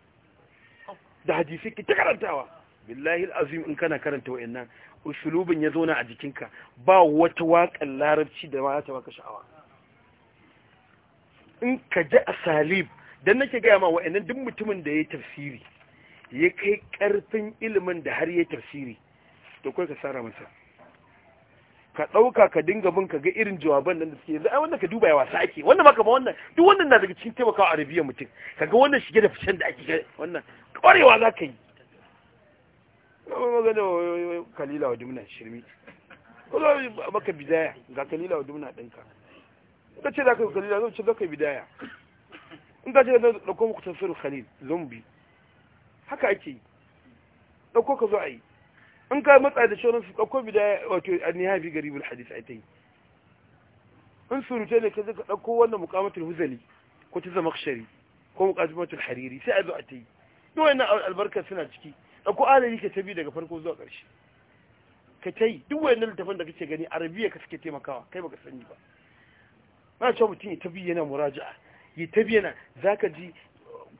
da hadisi ki ta karantawa billahi alazim in kana karanta wayannan usulubin ya zauna a jikinka ba wata wakan larabci da ma ta baka sha'awa in ka ji a asalib dan nake ga ma wayannan duk mutumin da yayi tafsiri ya kai karfin ilimin da har yayi tafsiri to kai ka sara masa ka ɗauka ka dinga bin ka ga irin jawaban nan da suke yanzu ai wanda ka duba ya wasa ake wannan maka ba wannan duk wannan na daga cikin taimakawa a rabiyar mutum Ka ga wannan shige da ficen da ake wannan ƙwarewa za ka yi magana kalila wa dumna shirmi Ko kuma maka bidaya ga kalila wa dumna ɗinka in ka ce za ka yi kalila zan ce za ka yi bidaya in ka ce za ka ɗauko muku tafsirin khalil zombi haka ake yi ɗauko ka zo a yi in ka matsa da shirin su ɗauko bida wato anniha gari garibul hadis a ta yi in surute ne ka zai ka ɗauko wannan mukamatul huzali ko ta zama shari ko mukamatul hariri sai a zo a ta yi duk wani albarkar suna ciki ɗauko alayi ka ta bi daga farko zuwa ƙarshe ka ta yi duk wani littafin da kake gani arabiya ka suke taimakawa kai baka sani ba na cewa mutum ya tabi yana muraja'a ya tabi yana zaka ji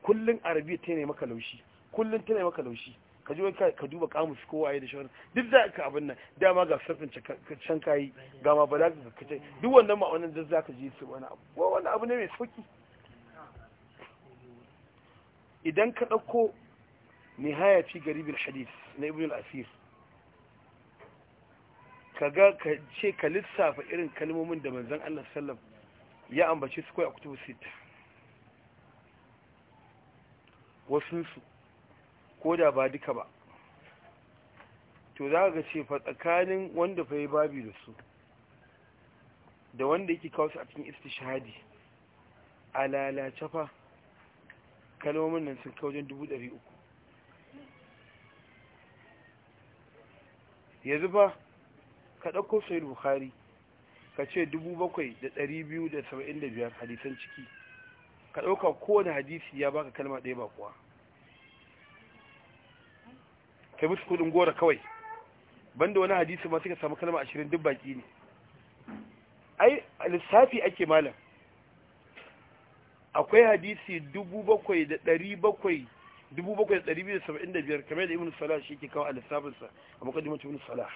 kullum arabiya ta yi maka laushi kullum ta yi maka laushi ka ji wai ka duba kamus ko waye da shauran duk za ka abin nan dama ga sarfin can kayi ga ma za ka kace duk wannan ma'aunin da za ka ji su wani abu wa wani abu ne mai sauki idan ka ɗauko nihaya fi garibin hadis na ibn al-asir ka ga ka ce ka lissafa irin kalmomin da manzon Allah sallam ya ambace su kai a kutubu sita wasu su ko da ba duka ba to za ga ce fa tsakanin wanda fa yi babi da su da wanda yake kawo su a cikin istishadi a lalace fa kalmomin nan sun kawo wajen uku. yanzu zuba ka ɗauko sai buhari ka ce biyar hadisan ciki ka ɗauka kowane hadisi ya baka kalma ɗaya ba kuwa kai musu kudin gora kawai banda wani hadisi ma suka samu kalma ashirin duk baki ne ai lissafi ake malam akwai hadisi dubu bakwai da bakwai dubu bakwai da biyu da saba'in da biyar kamar da ibnu salah shi ke kawo a lissafinsa a makadimar ibnu salah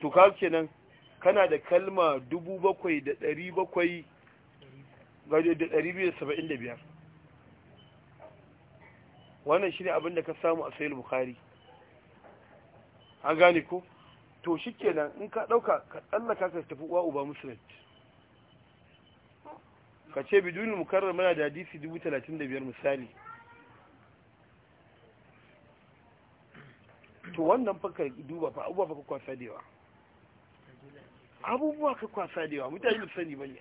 to ka kenan kana da kalma dubu bakwai da ɗari bakwai da biyu da saba'in da biyar wannan shi ne abinda ka samu a sayil bukari an gane ko to shi kenan in ka ɗauka ka tsallaka ka tafi uwa uba musulun ka ce bidunin mukarrar mana da hadisi 35 misali to wannan fa ka duba fa abubuwa fa ka kwasa da yawa abubuwa ka kwasa da yawa mutane da sani bane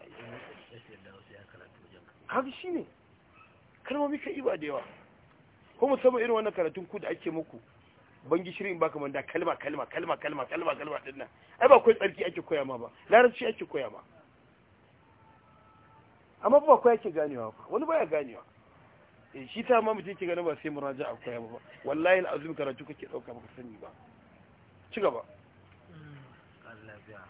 haka shi ne kalmomi ka iba da yawa ko musamman irin wannan karatun ku da ake muku ban gishiri in baka manda kalma kalma kalma kalma kalma kalma din nan ai ba kai tsarki ake koya ma ba larabci ake koya ma amma ba kai ake ganewa ba wani baya ganewa eh shi ta ma mu ke ganin ba sai muraja a koya ba wallahi alazim karatu kake dauka ba sani ba ci gaba Allah ya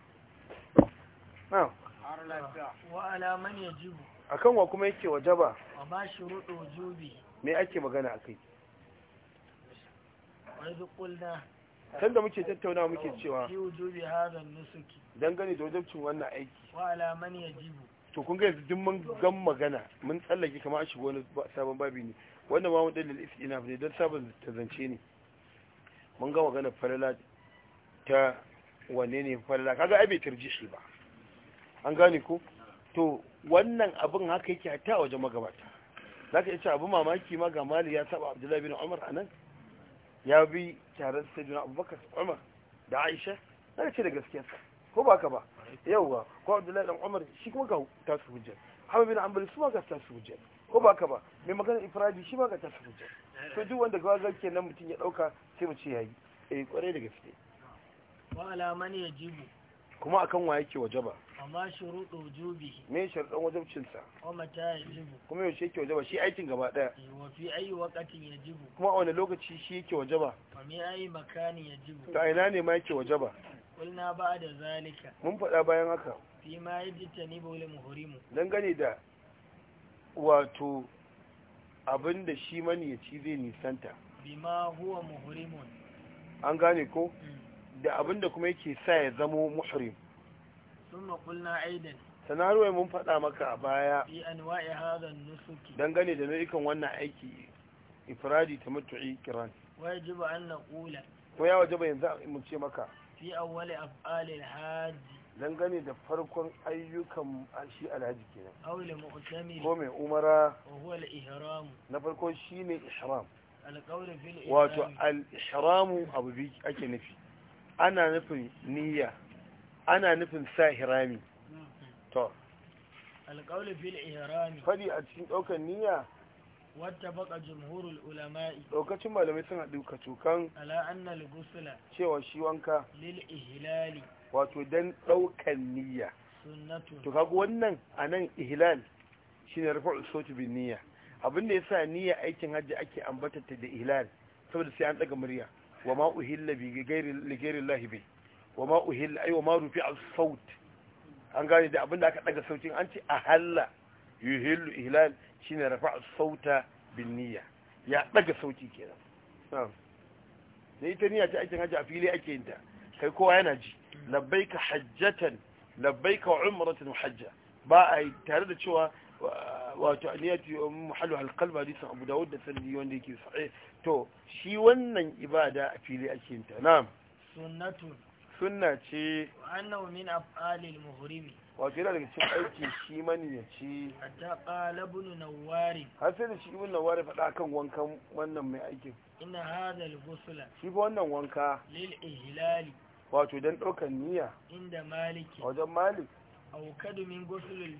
na'am wa ala man yajibu akan wa kuma yake wajaba wa ba shurudu wujubi me ake magana akai sanda muke tattauna muke cewa dangane da wajabcin wannan aiki to kun ga yanzu dimman gan magana mun tsallake kama a shigo wani sabon babi ne wannan ma mun dalil ina ne don sabon ta zance ne mun ga magana falala ta wane ne falala kaga ai bai shi ba an gane ko to wannan abin haka yake a wajen magabata zaka iya ce abin mamaki ma ga mali ya saba abdullahi bin umar anan ya bi taron sayyidina abubakar umar da aisha na ce da gaskiyarsa ko ba ka ba yauwa ko abdullahi dan umar shi kuma ga tasu hujjar hamad bin ambali su ma ga tasu hujjar ko ba ka ba mai magana ifradi shi ma ga tasu hujjar to duk wanda ga ga nan mutum ya dauka sai mu ce yayi eh kwarai da gaske wa ala man yajibu kuma akan wa yake wajaba amma shuruɗu wujubi me shirɗan wajabcin sa kuma ta yajibu kuma yaushe yake wajaba shi aikin gaba daya eh, wa fi ayi waqatin yajibu kuma a wani lokaci shi yake wajaba fa me ayi makani yajibu ta ina ne ma yake wajaba kulna ba da zalika mun faɗa bayan haka fi ma tanibu lil muhrimu dan gane da wato abinda shi maniyaci zai nisanta bima huwa muhrimun an gane ko mm. da abinda kuma yake sa ya zamo muhrim Sun qulna aidan sanarwa mun faɗa maka a baya fi anwa'i hadha an-nusuki dangane da nau'ikan wannan aiki ifradi tamattu'i kiran wajibu an naqula ko ya wajaba yanzu mun ce maka fi awwali af'alil hajji dangane da farkon ayyukan shi alhaji kenan awli mu'tamir ko mai umara wa huwa al-ihram na farko shine ihram al-qawl fil ihram wato al-ihram abu bi ake nufi ana nufin niyya ana nufin sa hirami to alƙawli fil ihrami fadi a cikin ɗaukar niyya wata baka jumhurul ulama'i lokacin malamai sun haɗu ka cokan ala anna gusula cewa shi wanka lil ihlali wato dan ɗaukan niyya sunnatu to kaga wannan anan ihlal shine rafa'u sauti bin niyya abinda yasa niyya aikin hajji ake ambata ta da ihlal saboda sai an daga murya wa ma uhilla bi gairi lahi bi wa ma uhilla rufi al saut an da aka daga sautin an ahala ahalla yuhillu ihlal shine rafa al sauta bin niyya ya daga sauti kenan da ita niyya ta aikin hajji a fili ake yin ta kai kowa yana ji labbaika hajjatan labbaika haja hajja ba a tare da cewa wato aniyatu muhallu alqalb hadisin Abu Dawud da sanadi wanda yake sahih to shi wannan ibada a fili ake ta na'am sunnatun sunna ce annahu min af'alil muhrimi wato yana daga cikin aiki shi mani ya ce hatta qala ibn nawari har sai da shi ibn nawari faɗa kan wankan wannan mai aikin ina hadha al shi fa wannan wanka lil ihlali wato dan ɗaukar niyya inda maliki wajen malik aukadu min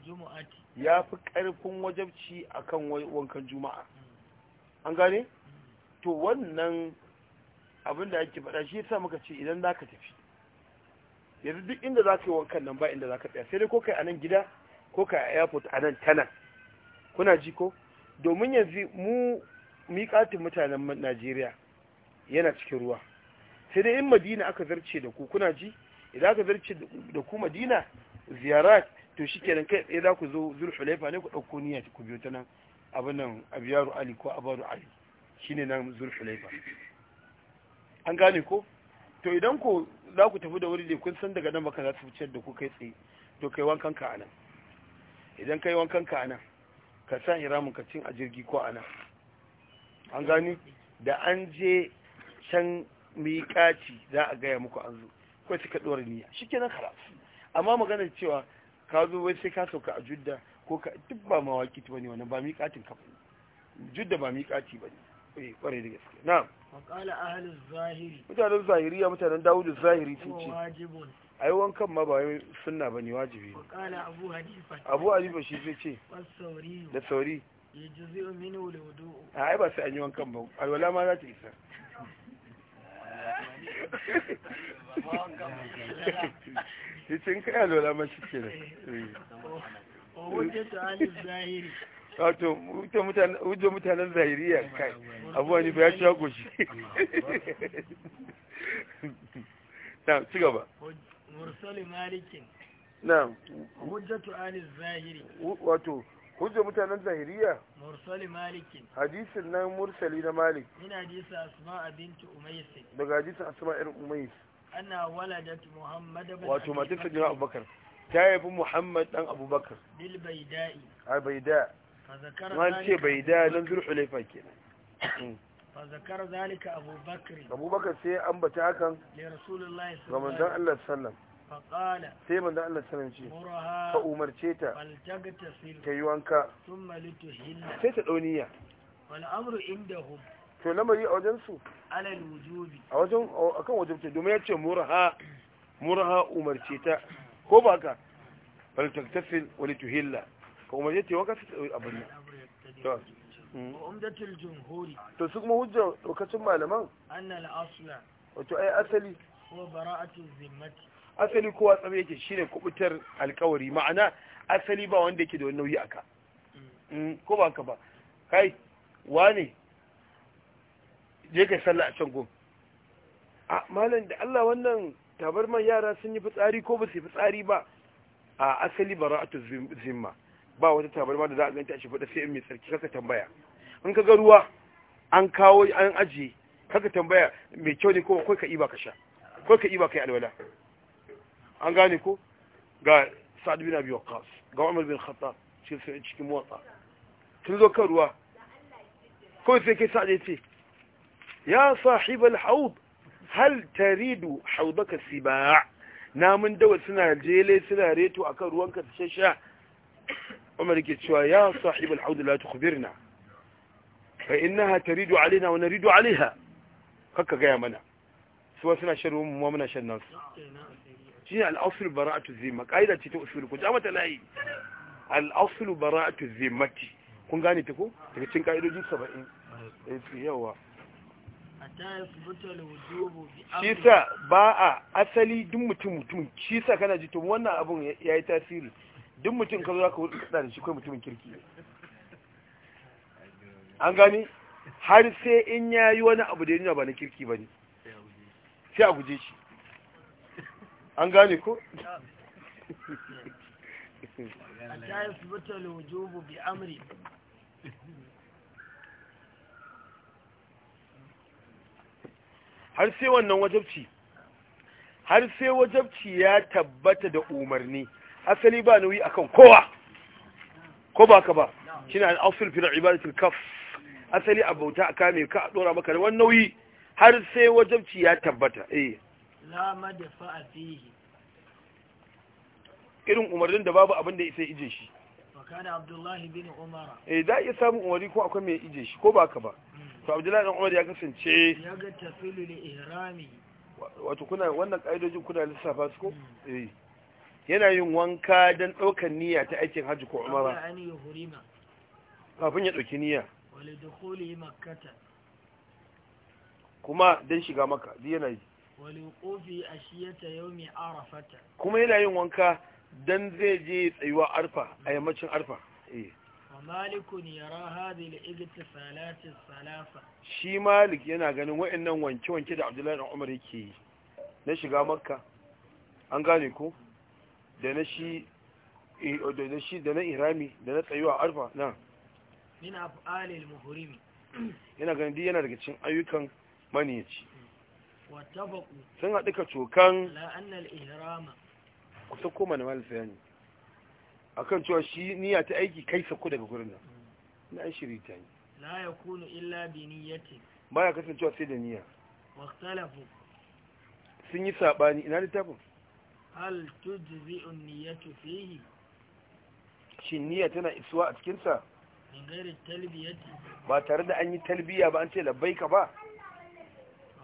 jumu'ati ya fi ƙarfin wajabci akan wankan juma'a an gane to wannan abin da ake faɗa shi yasa muka ce idan ka tafi yanzu duk inda zaka yi wankan nan ba inda zaka tsaya sai dai ko kai a nan gida ko kai a airport a nan tana kuna ji ko domin yanzu mu miƙatin mutanen Najeriya yana cikin ruwa sai dai in Madina aka zarce da ku kuna ji idan aka zarce da ku Madina ziyarat to shi kenan kai tsaye za ku zo zulhulaifa ne ku ɗauko niyya ku biyo ta nan abin nan abiyaru ali ko abaru ali shine nan zulhulaifa an gane ko to idan ku za ku tafi da wuri ne kun san daga nan baka za su fice da ku kai tsaye to kai wankan ka anan idan kai wankan ka anan ka sa iramin ka cin a jirgi ko anan an gane da an je can miƙaci za a gaya muku an zo kai suka ɗora niyya shi kenan karatu amma maganar cewa ka zo wai sai ka sauka a judda ko ka duk ba mawaki ta bane wannan ba katin ka bane judda ba miƙati bane eh kware da gaske na'am wa qala ahli zahiri mutanen zahiriya mutanen dawud zahiri sun ce ai wankan ma ba sunna bane wajibi ne wa qala abu hanifa abu hanifa shi zai ce da sauri yajzi'u minhu alwudu ai ba sai an yi wankan ba alwala ma za ta isa ya ce in ka yi lola ma ke nan eh. wato wuce mutanen zahiriya kai abuwa ne ya ci hako shi na ci gaba mursali malikin na hujjatu alis zahiri wato hujja mutanen zahiriya mursali malikin hadisin nan mursali na malik ina hadisa asma abinci umaisi daga hadisa asma irin umaisi ana waladat muhammad wato matarsa jira abubakar ta haifi muhammad dan abubakar bil baida'i a baida ma ce baida nan zuru hulaifa ke nan fazakar zalika abubakar abubakar sai an bata hakan ne rasulullah ya sallam ramadan allah sallam faƙala sai manda allah sallam ce ka umarce ta ta yi wanka sai ta ɗauniya wal'amru inda hu to lamari a wajen su alal wujubi a wajen akan domin ya ce murha murha umarce ta ko ba ka bal taktasil wa lituhilla ka umarce ta waka abin nan to umdatul jumhuri to su kuma hujja lokacin malaman annal asla wato ai asali ko bara'atu zimmati asali kowa tsabe yake shine kubutar alkawari ma'ana asali ba wanda yake da wani nauyi aka mm. mm, ko ba ka ba kai wane je kai sallah a can gun a malam da Allah wannan tabarman yara sun yi fitsari ko ba su yi fitsari ba a asali bara'atu zimma ba wata tabarma da za a ganta a shi fada sai in mai tsarki kaka tambaya in ka ga ruwa an kawo an ajiye kaka tambaya mai kyau ne ko kai ka iba ka sha kai ka iba kai alwala an gane ko ga sa'ad bin abi waqqas ga umar bin khattab cikin cikin motsa tun zo kan ruwa kawai sai kai sa'ad ya ce ya al haud hal taridu haudaka sibaa namun dawa suna jele suna reto akan ruwanka ta sha umar ke cewa ya al haud la tukhbirna fa innaha taridu alaina wa naridu alaiha kaka gaya mana su suna sharu ruwan mu muna shan nasu shi ne al-asl bara'atu zimma ƙa'ida ce ta usul ku jama'a talai al-asl bara'atu zimmati kun gane ta ko daga cikin 70 saba'in eh, yawa shisa ba a asali duk mutum mutum shisa kana ji to wannan abun ya yi tasiri duk mutum ka zuwa ka kada da shi kai mutumin kirki an gani har sai in ya yi wani abu da ya ba na kirki ba ne sai a guje shi an gane ko a ta yi su bi amri har sai wannan wajabci har sai wajabci ya tabbata da umarni asali ba nauyi akan kowa ko ba ka ba shine an asul fil ibadatil kaf asali a bauta a kame ka a dora maka wani nauyi har sai wajabci ya tabbata eh la madfa fihi irin umarnin da babu abin da sai ije shi kana abdullahi bin umar eh da ya samu umari ko akwai mai ije shi ko ba ka ba to abdullahi dan umar ya kasance ya ga tafilu ihrami wato kuna wannan ƙa'idojin kuna lissafa su ko hmm. eh. yana yin wanka don ɗaukar niyya ta aikin hajji ko umara kafin ya dauki niyya kuma don shiga maka. zai yana yi kuma yana yin wanka don zai je tsayuwa arfa a yammacin arfa eh malikun yara hadi al salatin salasa shi malik yana ganin wayannan wanke-wanke da Abdullahi dan Umar yake yi na shiga Makka an gane ko da na shi da na shi da na irami da na tsayuwa arfa na min af'alil muhrimi yana ganin yana daga cikin ayyukan maniyaci sun hadu ka cokan la'annal ihrama kusa koma na malisa yani akan cewa shi niyya ta aiki kai sako daga gurin nan na an shiri ta yi la yakunu illa bi niyyati baya kasancewa sai da niyya waqtalafu sun yi sabani ina littafin hal an niyyatu fihi shin niyya tana isuwa a cikin sa min gairi talbiyati ba tare da an yi talbiya ba an ce labbaika ba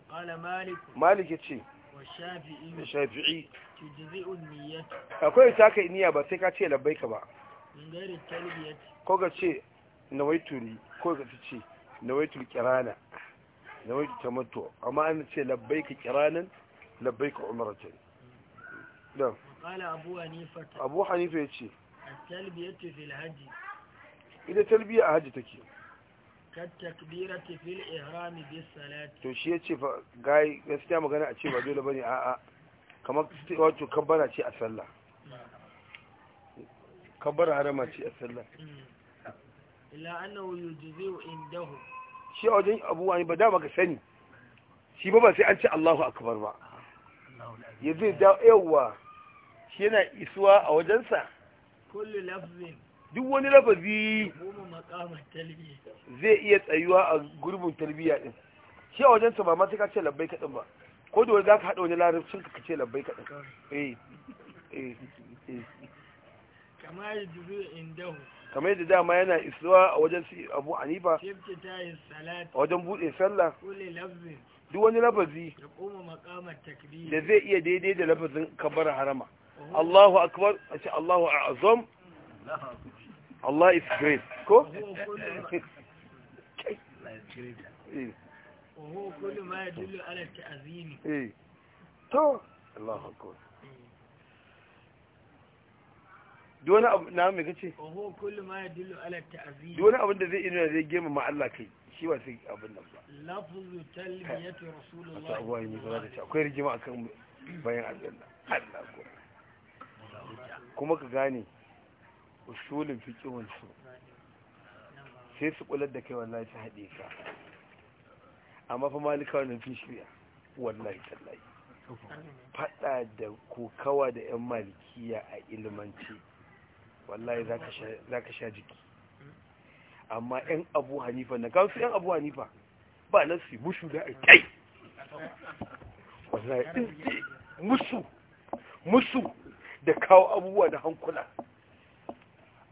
qala malik malik yace da shafi'i akwai ta ka niyya ba sai ka ce labbaika ba ko ka ce waitu ni, ko ka ce waitu kirana nawaitu tamattu amma an ce labbaika kiranan labbaika umratan dan abu hanifa ya ce ita talbiya a hajji take kattakbirati fil ihrami bis salati to shi yace fa gai gaskiya magana a ce ba dole bane a a kamar wato kabbara ce a sallah kabbara harama ce a sallah hmm. illa annahu yujzi'u indahu shi a wajen abuwa ne ba da maka sani shi ba ba sai an ce Allahu akbar ba yanzu da yawa shi yana isuwa a wajensa kullu lafzin duk wani lafazi zai iya tsayuwa a gurbin talbiya din shi a wajen ba ma ka ce labbai kaɗan ba ko da wani za ka haɗa wani larabcin ka ce labbai kaɗan eh, eh, eh. kamar yadda dama yana isuwa a wajen su abu anifa a wajen buɗe sallah duk wani lafazi da zai iya daidai da lafazin kabar harama Allahu akbar a ce Allahu a'azam Allah is great abu na kace da zai ina zai gema ma Allah kai shi ba sai abin nan ba talbiyatu rasulullah abuwa da akwai rigima akan bayan Allah ko kuma ka gane usulin fiƙin su sai su kular da kai wallahi ta haɗe ka amma fa malika wannan fi shirya wallahi tallahi faɗa da kokawa da 'yan malikiya a ilmanci wallahi za ka sha jiki amma 'yan abu hanifa na kawo su 'yan abu hanifa ba na su musu da a kai wallahi musu musu da kawo abubuwa da hankula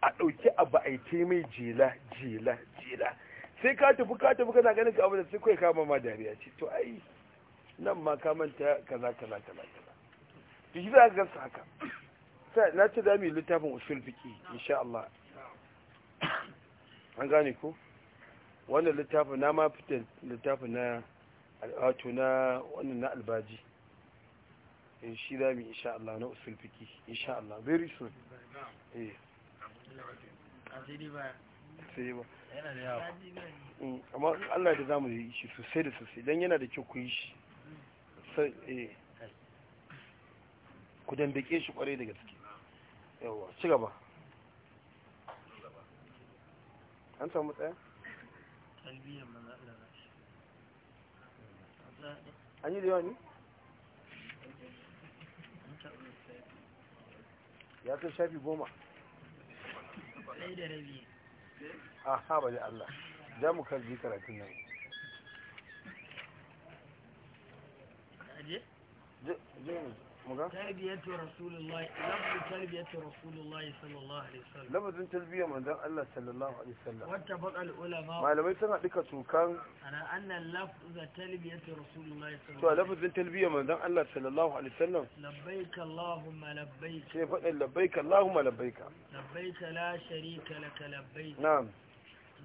a ɗauki abu a ce mai jela jela jela sai ka tafi ka tafi kana ganin ka abu da sai kai kama ma dariya ce to ai nan ma ka manta kaza kaza kaza kaza to shi za ka gansa haka sai na ce za mu yi littafin usul fiqi insha Allah an gane ko wannan littafin na ma fitin littafin na wato na wannan na albaji in eh, shi za mu insha Allah na usul fiqi insha Allah very soon eh Mm, amma Allah da zamu yi shi sosai da sosai don yana da kyau ku yi shi eh. ku dambake shi kwarai da gaske yawa ci gaba an samu tsaya? an yi da yawa ne? ya kai shafi goma a haɓa da Allah za mu kalbi karatun nan je ne tarbiyatu talbiya, lafzu sallallahu alaihi Allah sallallahu alaihi wasallam malamai sun haɗu tukan ana anna lafza tarbiyatu rasulullahi sallallahu alaihi Allah sallallahu alaihi wasallam sai faɗin labbaik allahumma labbaik labbaik la sharika laka labbaik na'am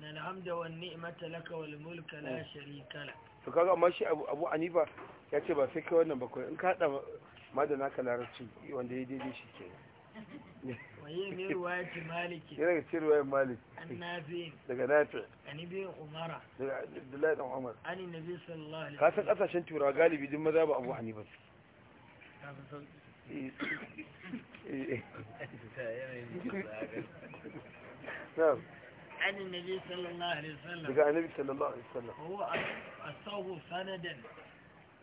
Na. hamda wan ni'mata laka wal mulka la hmm. sharika la". to kaga amma shi Abu Anifa ya ce ba sai kai wannan bakwai in ka hada ماذا ناك لارتشي وندي دي دي شي كده وين رواية مالك يلا كتير رواية مالك النافين ده نافع أنا بين عمرة عبد الله بن عمر أنا النبي صلى الله عليه وسلم خاصة عشان ترى قالي بدون مذاب أبو حنيفة نعم عن النبي صلى الله عليه وسلم عن النبي صلى الله عليه وسلم هو الصوف سندا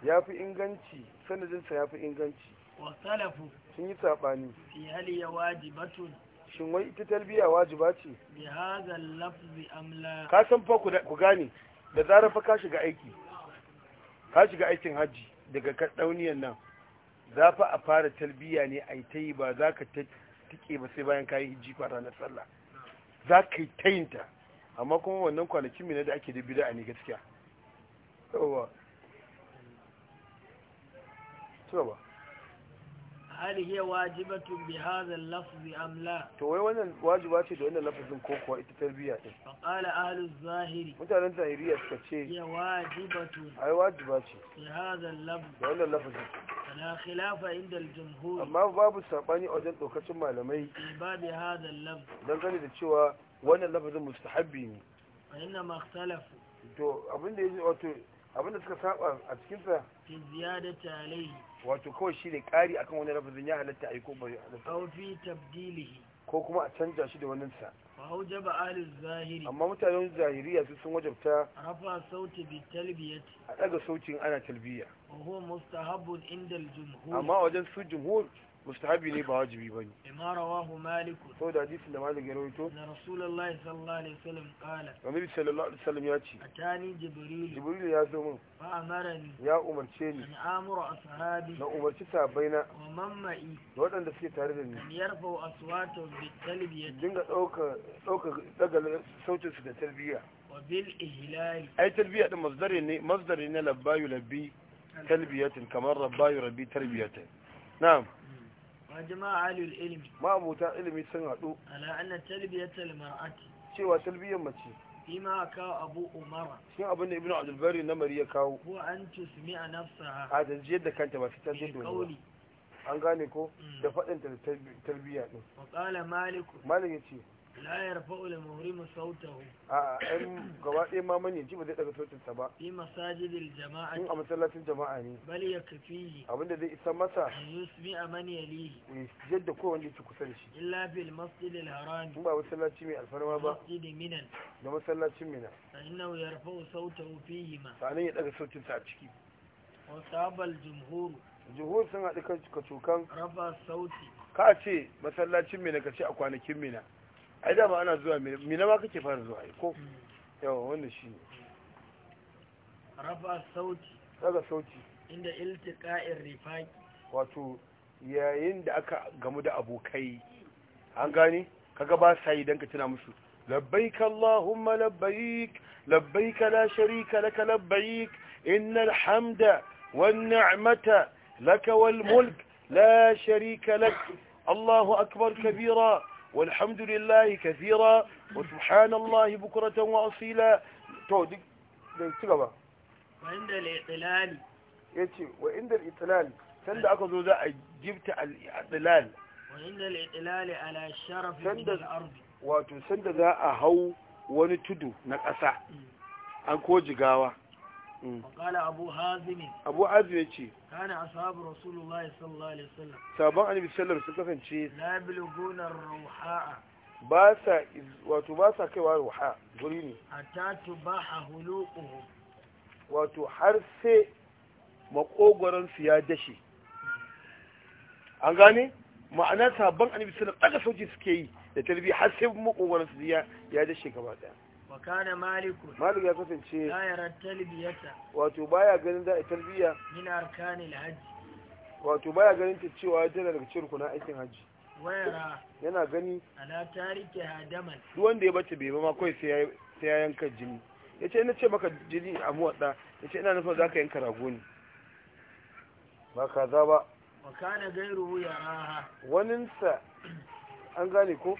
ya fi inganci sanadinsa ya fi inganci wasalafu sun yi saɓani fi hali ya wajibatun shin wai ita talbiya wajiba ce bi hazal lafzi amla ka san fa ku gane da zarar fa ka shiga aiki ka shiga aikin haji daga kadauniyar nan za fa a fara talbiya ne a yi ta yi ba za ka tike ba sai bayan kayi hijji kwa na sallah za ka yi ta amma kuma wannan kwanakin mai da ake da bida ne gaskiya cigaba hal hiya wajibatun bi hadha al-lafz am la to wai wannan wajiba ce da wannan lafazin ko kuwa ita tarbiya ce fa qala ahlu zahiri mutanen zahiriya suka ce hiya wajibatun ai wajiba ce bi hadha al-lafz da wannan lafazin la khilafa inda al-jumhur amma babu sabani a wajen dokacin malamai babu hadha al-lafz dan gane da cewa wannan lafazin mustahabbi ne fa inna ma ikhtalafu to abinda yaji wato abinda suka saba a cikin sa fi ziyadati alayhi wato kawai shi ne ƙari akan wani lafazin ya halatta a yi ko bai halatta aw tabdilihi ko kuma a canja shi da wannan sa fa zahiri amma mutanen zahiriya su sun wajabta rafa sauti bi talbiyati a ɗaga sautin ana talbiya wa huwa inda al amma wajen su jumhur مستحب لي باجبي بني ما رواه مالك هو ده حديث اللي مالك يرويته ان رسول الله صلى الله عليه وسلم قال النبي صلى الله عليه وسلم ياتي اتاني جبريل جبريل يا زوم فامرني يا عمر تشيني ان امر اصحابي لا عمر تشابينا ومن معي ودان ده سيتي تاري دني يرفعوا اصواتهم بالتلبيه دين دوك دوك دغل صوتهم في التلبيه وبالاهلال اي تلبيه ده مصدر ان مصدر ان لبى يلبي تلبيه كما ربى يربي تربيه نعم ajma alul ilmi ma abuta ilmi sun hadu ala anna talbiyatul mar'ati cewa talbiyan mace فيما كاو أبو أمرا شنو أبو ابن عبد البر نمر يكاو هو أن تسمع نفسها هذا الجد kanta ما في تجد قولي an gane ko mm. da talbiya ne. Wa Maliku. Malik ce. la yarfa'u lil muhrimu sautahu a in gaba ɗaya ma manyanci ba zai daga sautinsa ba fi masajidil jama'a in a masallacin jama'a ne bal yakfihi abinda zai isa masa yusmi'a man yalihi yadda ko wanda yake kusa da shi illa bil masjidil haram in ba masallaci mai alfarma ba masjidi minan da masallacin mina fa innahu yarfa'u sautahu fihi ma sanan ya daga sautinsa a ciki wa sabal jumhur jumhur sun haɗu kan cukan rafa sauti ka ce masallacin mina ka ce a kwanakin mina ai ba ana zuwa mina ma kake fara zuwa ko yawa wanda shi ne raba sauti raba sauti inda iltiqa'ir rifaqi wato yayin da aka gamu da abokai an gani ka ba sai dan ka tuna musu labbaik allahumma labbaik labbaik la sharika lak labbaik innal hamda wan ni'mata lak wal mulk la sharika lak allahu akbar kabira والحمد لله كثيرا وسبحان الله بكرة وأصيلا تو دي دي تقبا وعند الإطلال يتي وعند الإطلال سند أكو ذا جبت الإطلال وعند الإطلال على الشرف من الأرض وتسند ذا أهو ونتدو نكأسا أنكو جغاوة Fakala mm. Abu Hazimi. Abu Hazimi ya ce. Kana ashabu Rasulullah sallallahu alaihi wasallam. Sabon Annabi sallallahu sun kasance. La bilguna ruha'a. Ba sa wato ba sa kaiwa ruha guri ne. Hatta tubaha huluquhu. Wato har sai makogoron su ya dashe. An gane? Ma'ana sabon Annabi sallallahu alaihi wasallam daga sauki suke yi da tarbiya har sai makogoron su ya dashe gaba daya. wakana maliku malik ya kasance la talbiyata wato baya ganin da talbiya min arkanil hajji wato baya ganin ta cewa tana daga cikin rukunan aikin hajji wayara yana gani ala tarike hadaman duk wanda ya bace bai ba ma kai sai ya yanka jini yace ina ce maka jini a muwadda yace ina nufin zaka yanka rago ne ba ka za ba wa kana gairu raha. waninsa an gane ko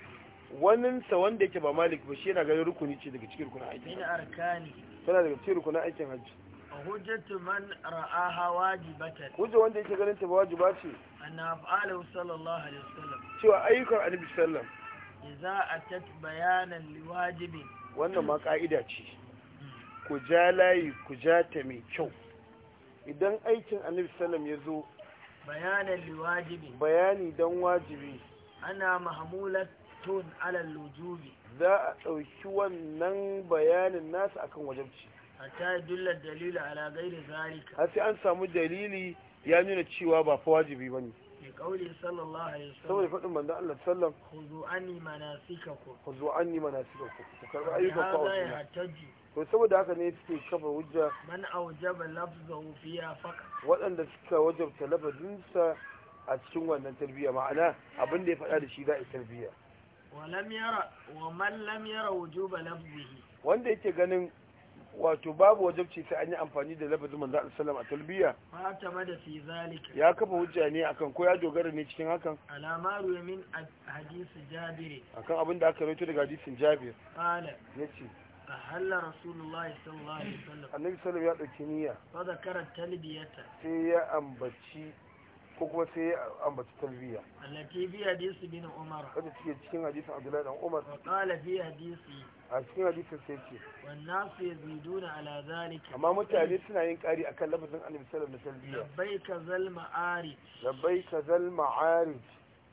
wannan sa wanda yake ba malik ba shi yana ganin rukuni ce daga cikin rukunin aikin hajji arkani tana daga cikin rukunin aikin hajji hujjatu man ra'aha wajibatan hujja wanda yake ganin ta ba wajiba ce anna af'aluhu sallallahu alaihi wasallam cewa ayyukan annabi sallam idza atat bayanan liwajibin wannan ma ka'ida ce hmm. ku ja layi ku ja ta mai kyau idan aikin annabi sallam ya zo bayanan liwajibin bayani dan wajibi ana mahmulat maftun alal wujubi za a ɗauki wannan bayanin nasa akan wajabci A hatta yadulla dalilu ala ghairi zalika har sai an samu dalili ya nuna cewa ba fa wajibi ba bane bi qawli sallallahu alaihi wasallam saboda fadin manzon Allah sallam khuzu anni manasikakum khuzu anni manasikakum ku karba ayyukan ku a to saboda haka ne suke kafa hujja man awjaba lafzahu fiha faqat waɗanda suka wajabta lafazinsa a cikin wannan tarbiyya ma'ana abin da ya faɗa da shi za a tarbiyya wanda yake ganin wato babu wajabci sai an yi amfani da lafazin manzo Allah sallallahu alaihi talbiya fatama da fi zalika ya kafa hujja ne akan ko ya dogara ne cikin hakan alamaru min hadisi jabir akan abin da aka rawaito daga hadisin jabir qala yace ahalla rasulullahi sallallahu alaihi wasallam annabi sallallahu alaihi wasallam ya dauki niyya fa zakara talbiyata sai ya ambaci ko kuma sai ya ambaci talbiya allati bi hadisi bin umar wanda take cikin hadisin abdullahi dan umar qala bi hadisi a cikin hadisin sai ce wan nasu yaziduna ala zalika amma mutane suna yin kari akan lafazin annabi sallallahu alaihi wasallam talbiya labbaika zal ma'arij labbaika zal ma'arij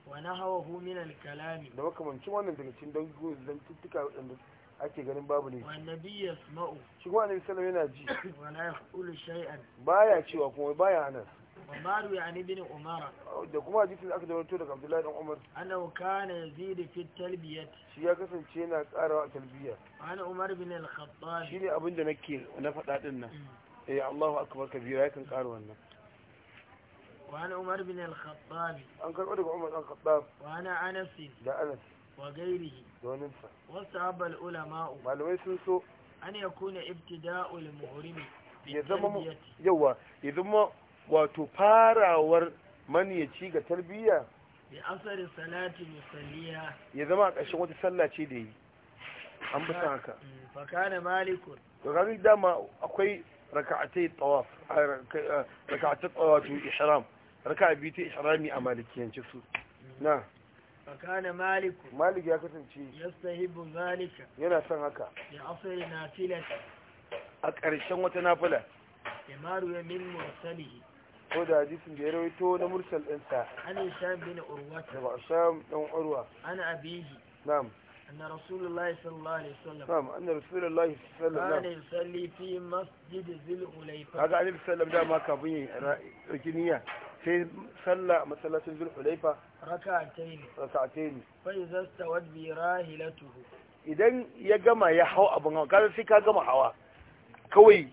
wa nahawahu min al kalam da makamancin wannan daga cikin dangu zantuttuka wadanda ake ganin babu ne wannabi yasma'u shi kuma annabi sallallahu alaihi wasallam yana ji wala yaqulu shay'an baya cewa kuma baya hana Umaru ya ni bin Umar. Oh, da kuma hadisin aka jawanto daga Abdullahi dan Umar. Annahu kana yazidu fi talbiyat. Shi ya kasance yana karawa a talbiya. Ana Umar bin Al-Khattab. Shi ne abin da nake na faɗa din nan. Mm. Eh Allahu akbar kabira yakan karu wannan. وعن Wa بن الخطاب Da كربلاء عمر بن الخطاب وعن أنس لا أنس وغيره وننسى Malamai sun so. An يسنسوا أن يكون ابتداء المهرم يذم يوا يذم wato farawar maniyaci ga tarbiyya bi asari salati musalliya ya zama a ƙarshen wata sallah ce da yi an bi san haka mm, fa kana malikun to kaga dama akwai raka'atai tawaf raka'atai tawatu ihram raka'a biyu ta ihrami a malikiyanci su mm. na fakana malikun malik ya kasance yastahibu zalika yana son haka ya asari nafilati a ƙarshen wata nafila ya maru ya min mursalihi ko da hadisin da ya rawaito na mursal ɗinsa an yi sha bin urwa ta ba sha dan urwa ana abiji na'am anna rasulullahi sallallahu alaihi wasallam na'am anna rasulullahi sallallahu alaihi wasallam ana yusalli fi masjid zil hulaifa kaga annabi sallallahu alaihi wasallam da ma kafin yin rakiniya sai sallah masallacin zil hulaifa raka'atayn raka'atayn fa idza stawad bi rahilatuhu idan ya gama ya hau abin hawa kaga sai ka gama hawa kawai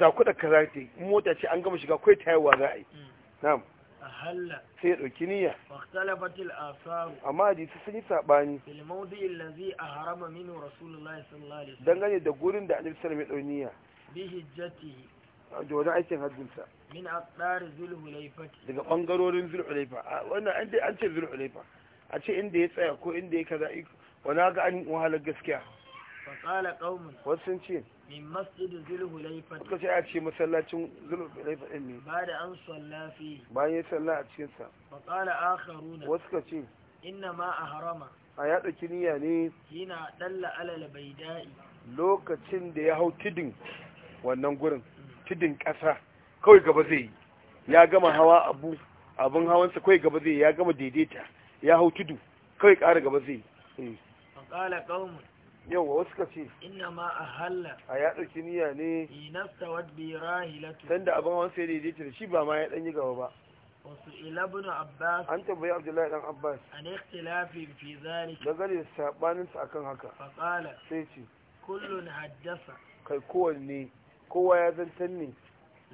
za ku da kaza mota ce an gama shiga kai tayarwa za a yi mm. na'am ahalla sai ya dauki niyya fahtalafatil asar amma su sun yi sabani fil mawdi'i allazi ahrama minhu rasulullahi sallallahu alaihi wasallam dangane da gurin da annabi sallallahu alaihi wasallam ya dauki niyya bi Ajo da wajen aikin hajjinsa min aqdar zulhulaifa daga bangarorin zulhulaifa wannan an ce zulhulaifa a ce inda ya tsaya ko inda ya kaza wani ga an wahalar gaskiya فقال قوم وسنتين من مسجد ذل حليفة كشي أشي مسلاتين ذل حليفة إني بعد أن صلى فيه باي صلى أشين سا فقال آخرون وسكتين إنما أهرم آيات كني يعني هنا دل على البيداء lokacin da ya hau tidin wannan gurin tidin ƙasa kawai gaba zai ya gama hawa abu abin hawansa kawai gaba zai ya gama daidaita ya hau tudu kawai ƙara gaba zai yi eh. yawa wasu ka ce inna ma a halla a ya ɗauki niyya ne inasta wadda rahilatu san da abin wasu ya daidaita da shi ba ma ya ɗanyi gaba ba wasu ilabin abbas an tambayi abdullahi dan abbas an ikhtilafi fi zalik dangane da sabanin sa akan haka faqala sai ce kullun haddasa kai kowanne kowa ya zantan ne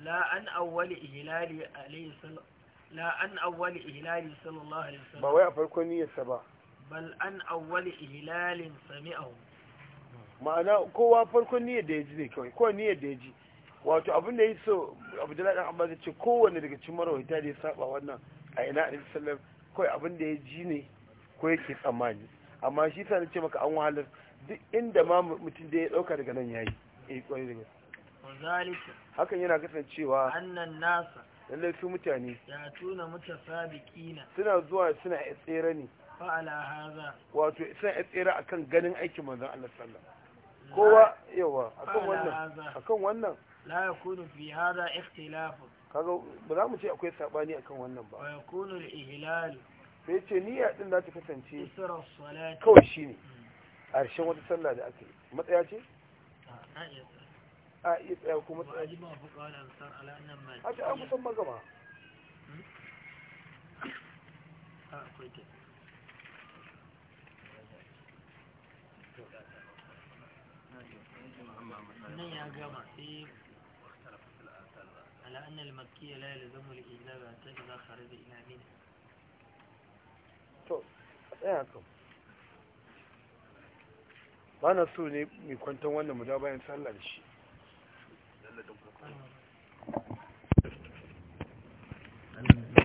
la an awwali ihlali alayhi sallam la an awwali ihlali sallallahu alaihi wasallam ba wai a farkon niyyarsa ba bal an awwali ihlalin sami'ahu ma'ana kowa farkon niyyar da ya ji ne kawai kowa niyyar da ya ji wato abin da ya so abdullahi dan abbas ce kowanne daga cikin marwaita da ya saba wannan a ina alaihi sallam kawai abin da ya ji ne ko yake tsammani amma shi sa ce maka an wahalar duk inda ma mutum da ya dauka daga nan yayi yi. kwai daga hakan yana kasancewa annan nasa lallai su mutane ya tuna mutasabiqina suna zuwa suna tsere ne fa'ala haza wato suna tsere akan ganin aikin manzon Allah sallallahu alaihi wasallam kowa yawa akan wannan akan wannan la yakunu fi hada ikhtilaf kaga ba za mu ce akwai sabani akan wannan ba wa yakunu al-ihlal sai ce niyya din da ta kasance kawai shine hmm. a wata sallah da ake matsaya ce a yi tsaya kuma tsaya ji ba fuka da san alannan mai a ta an kusan magama hmm? nan ya gama sai على أن المكية لا يلزم الإجابة حتى إذا خرج إلى منى to tsaya kan ba na so ne mai kwanton wannan mu bayan sallah da shi Allah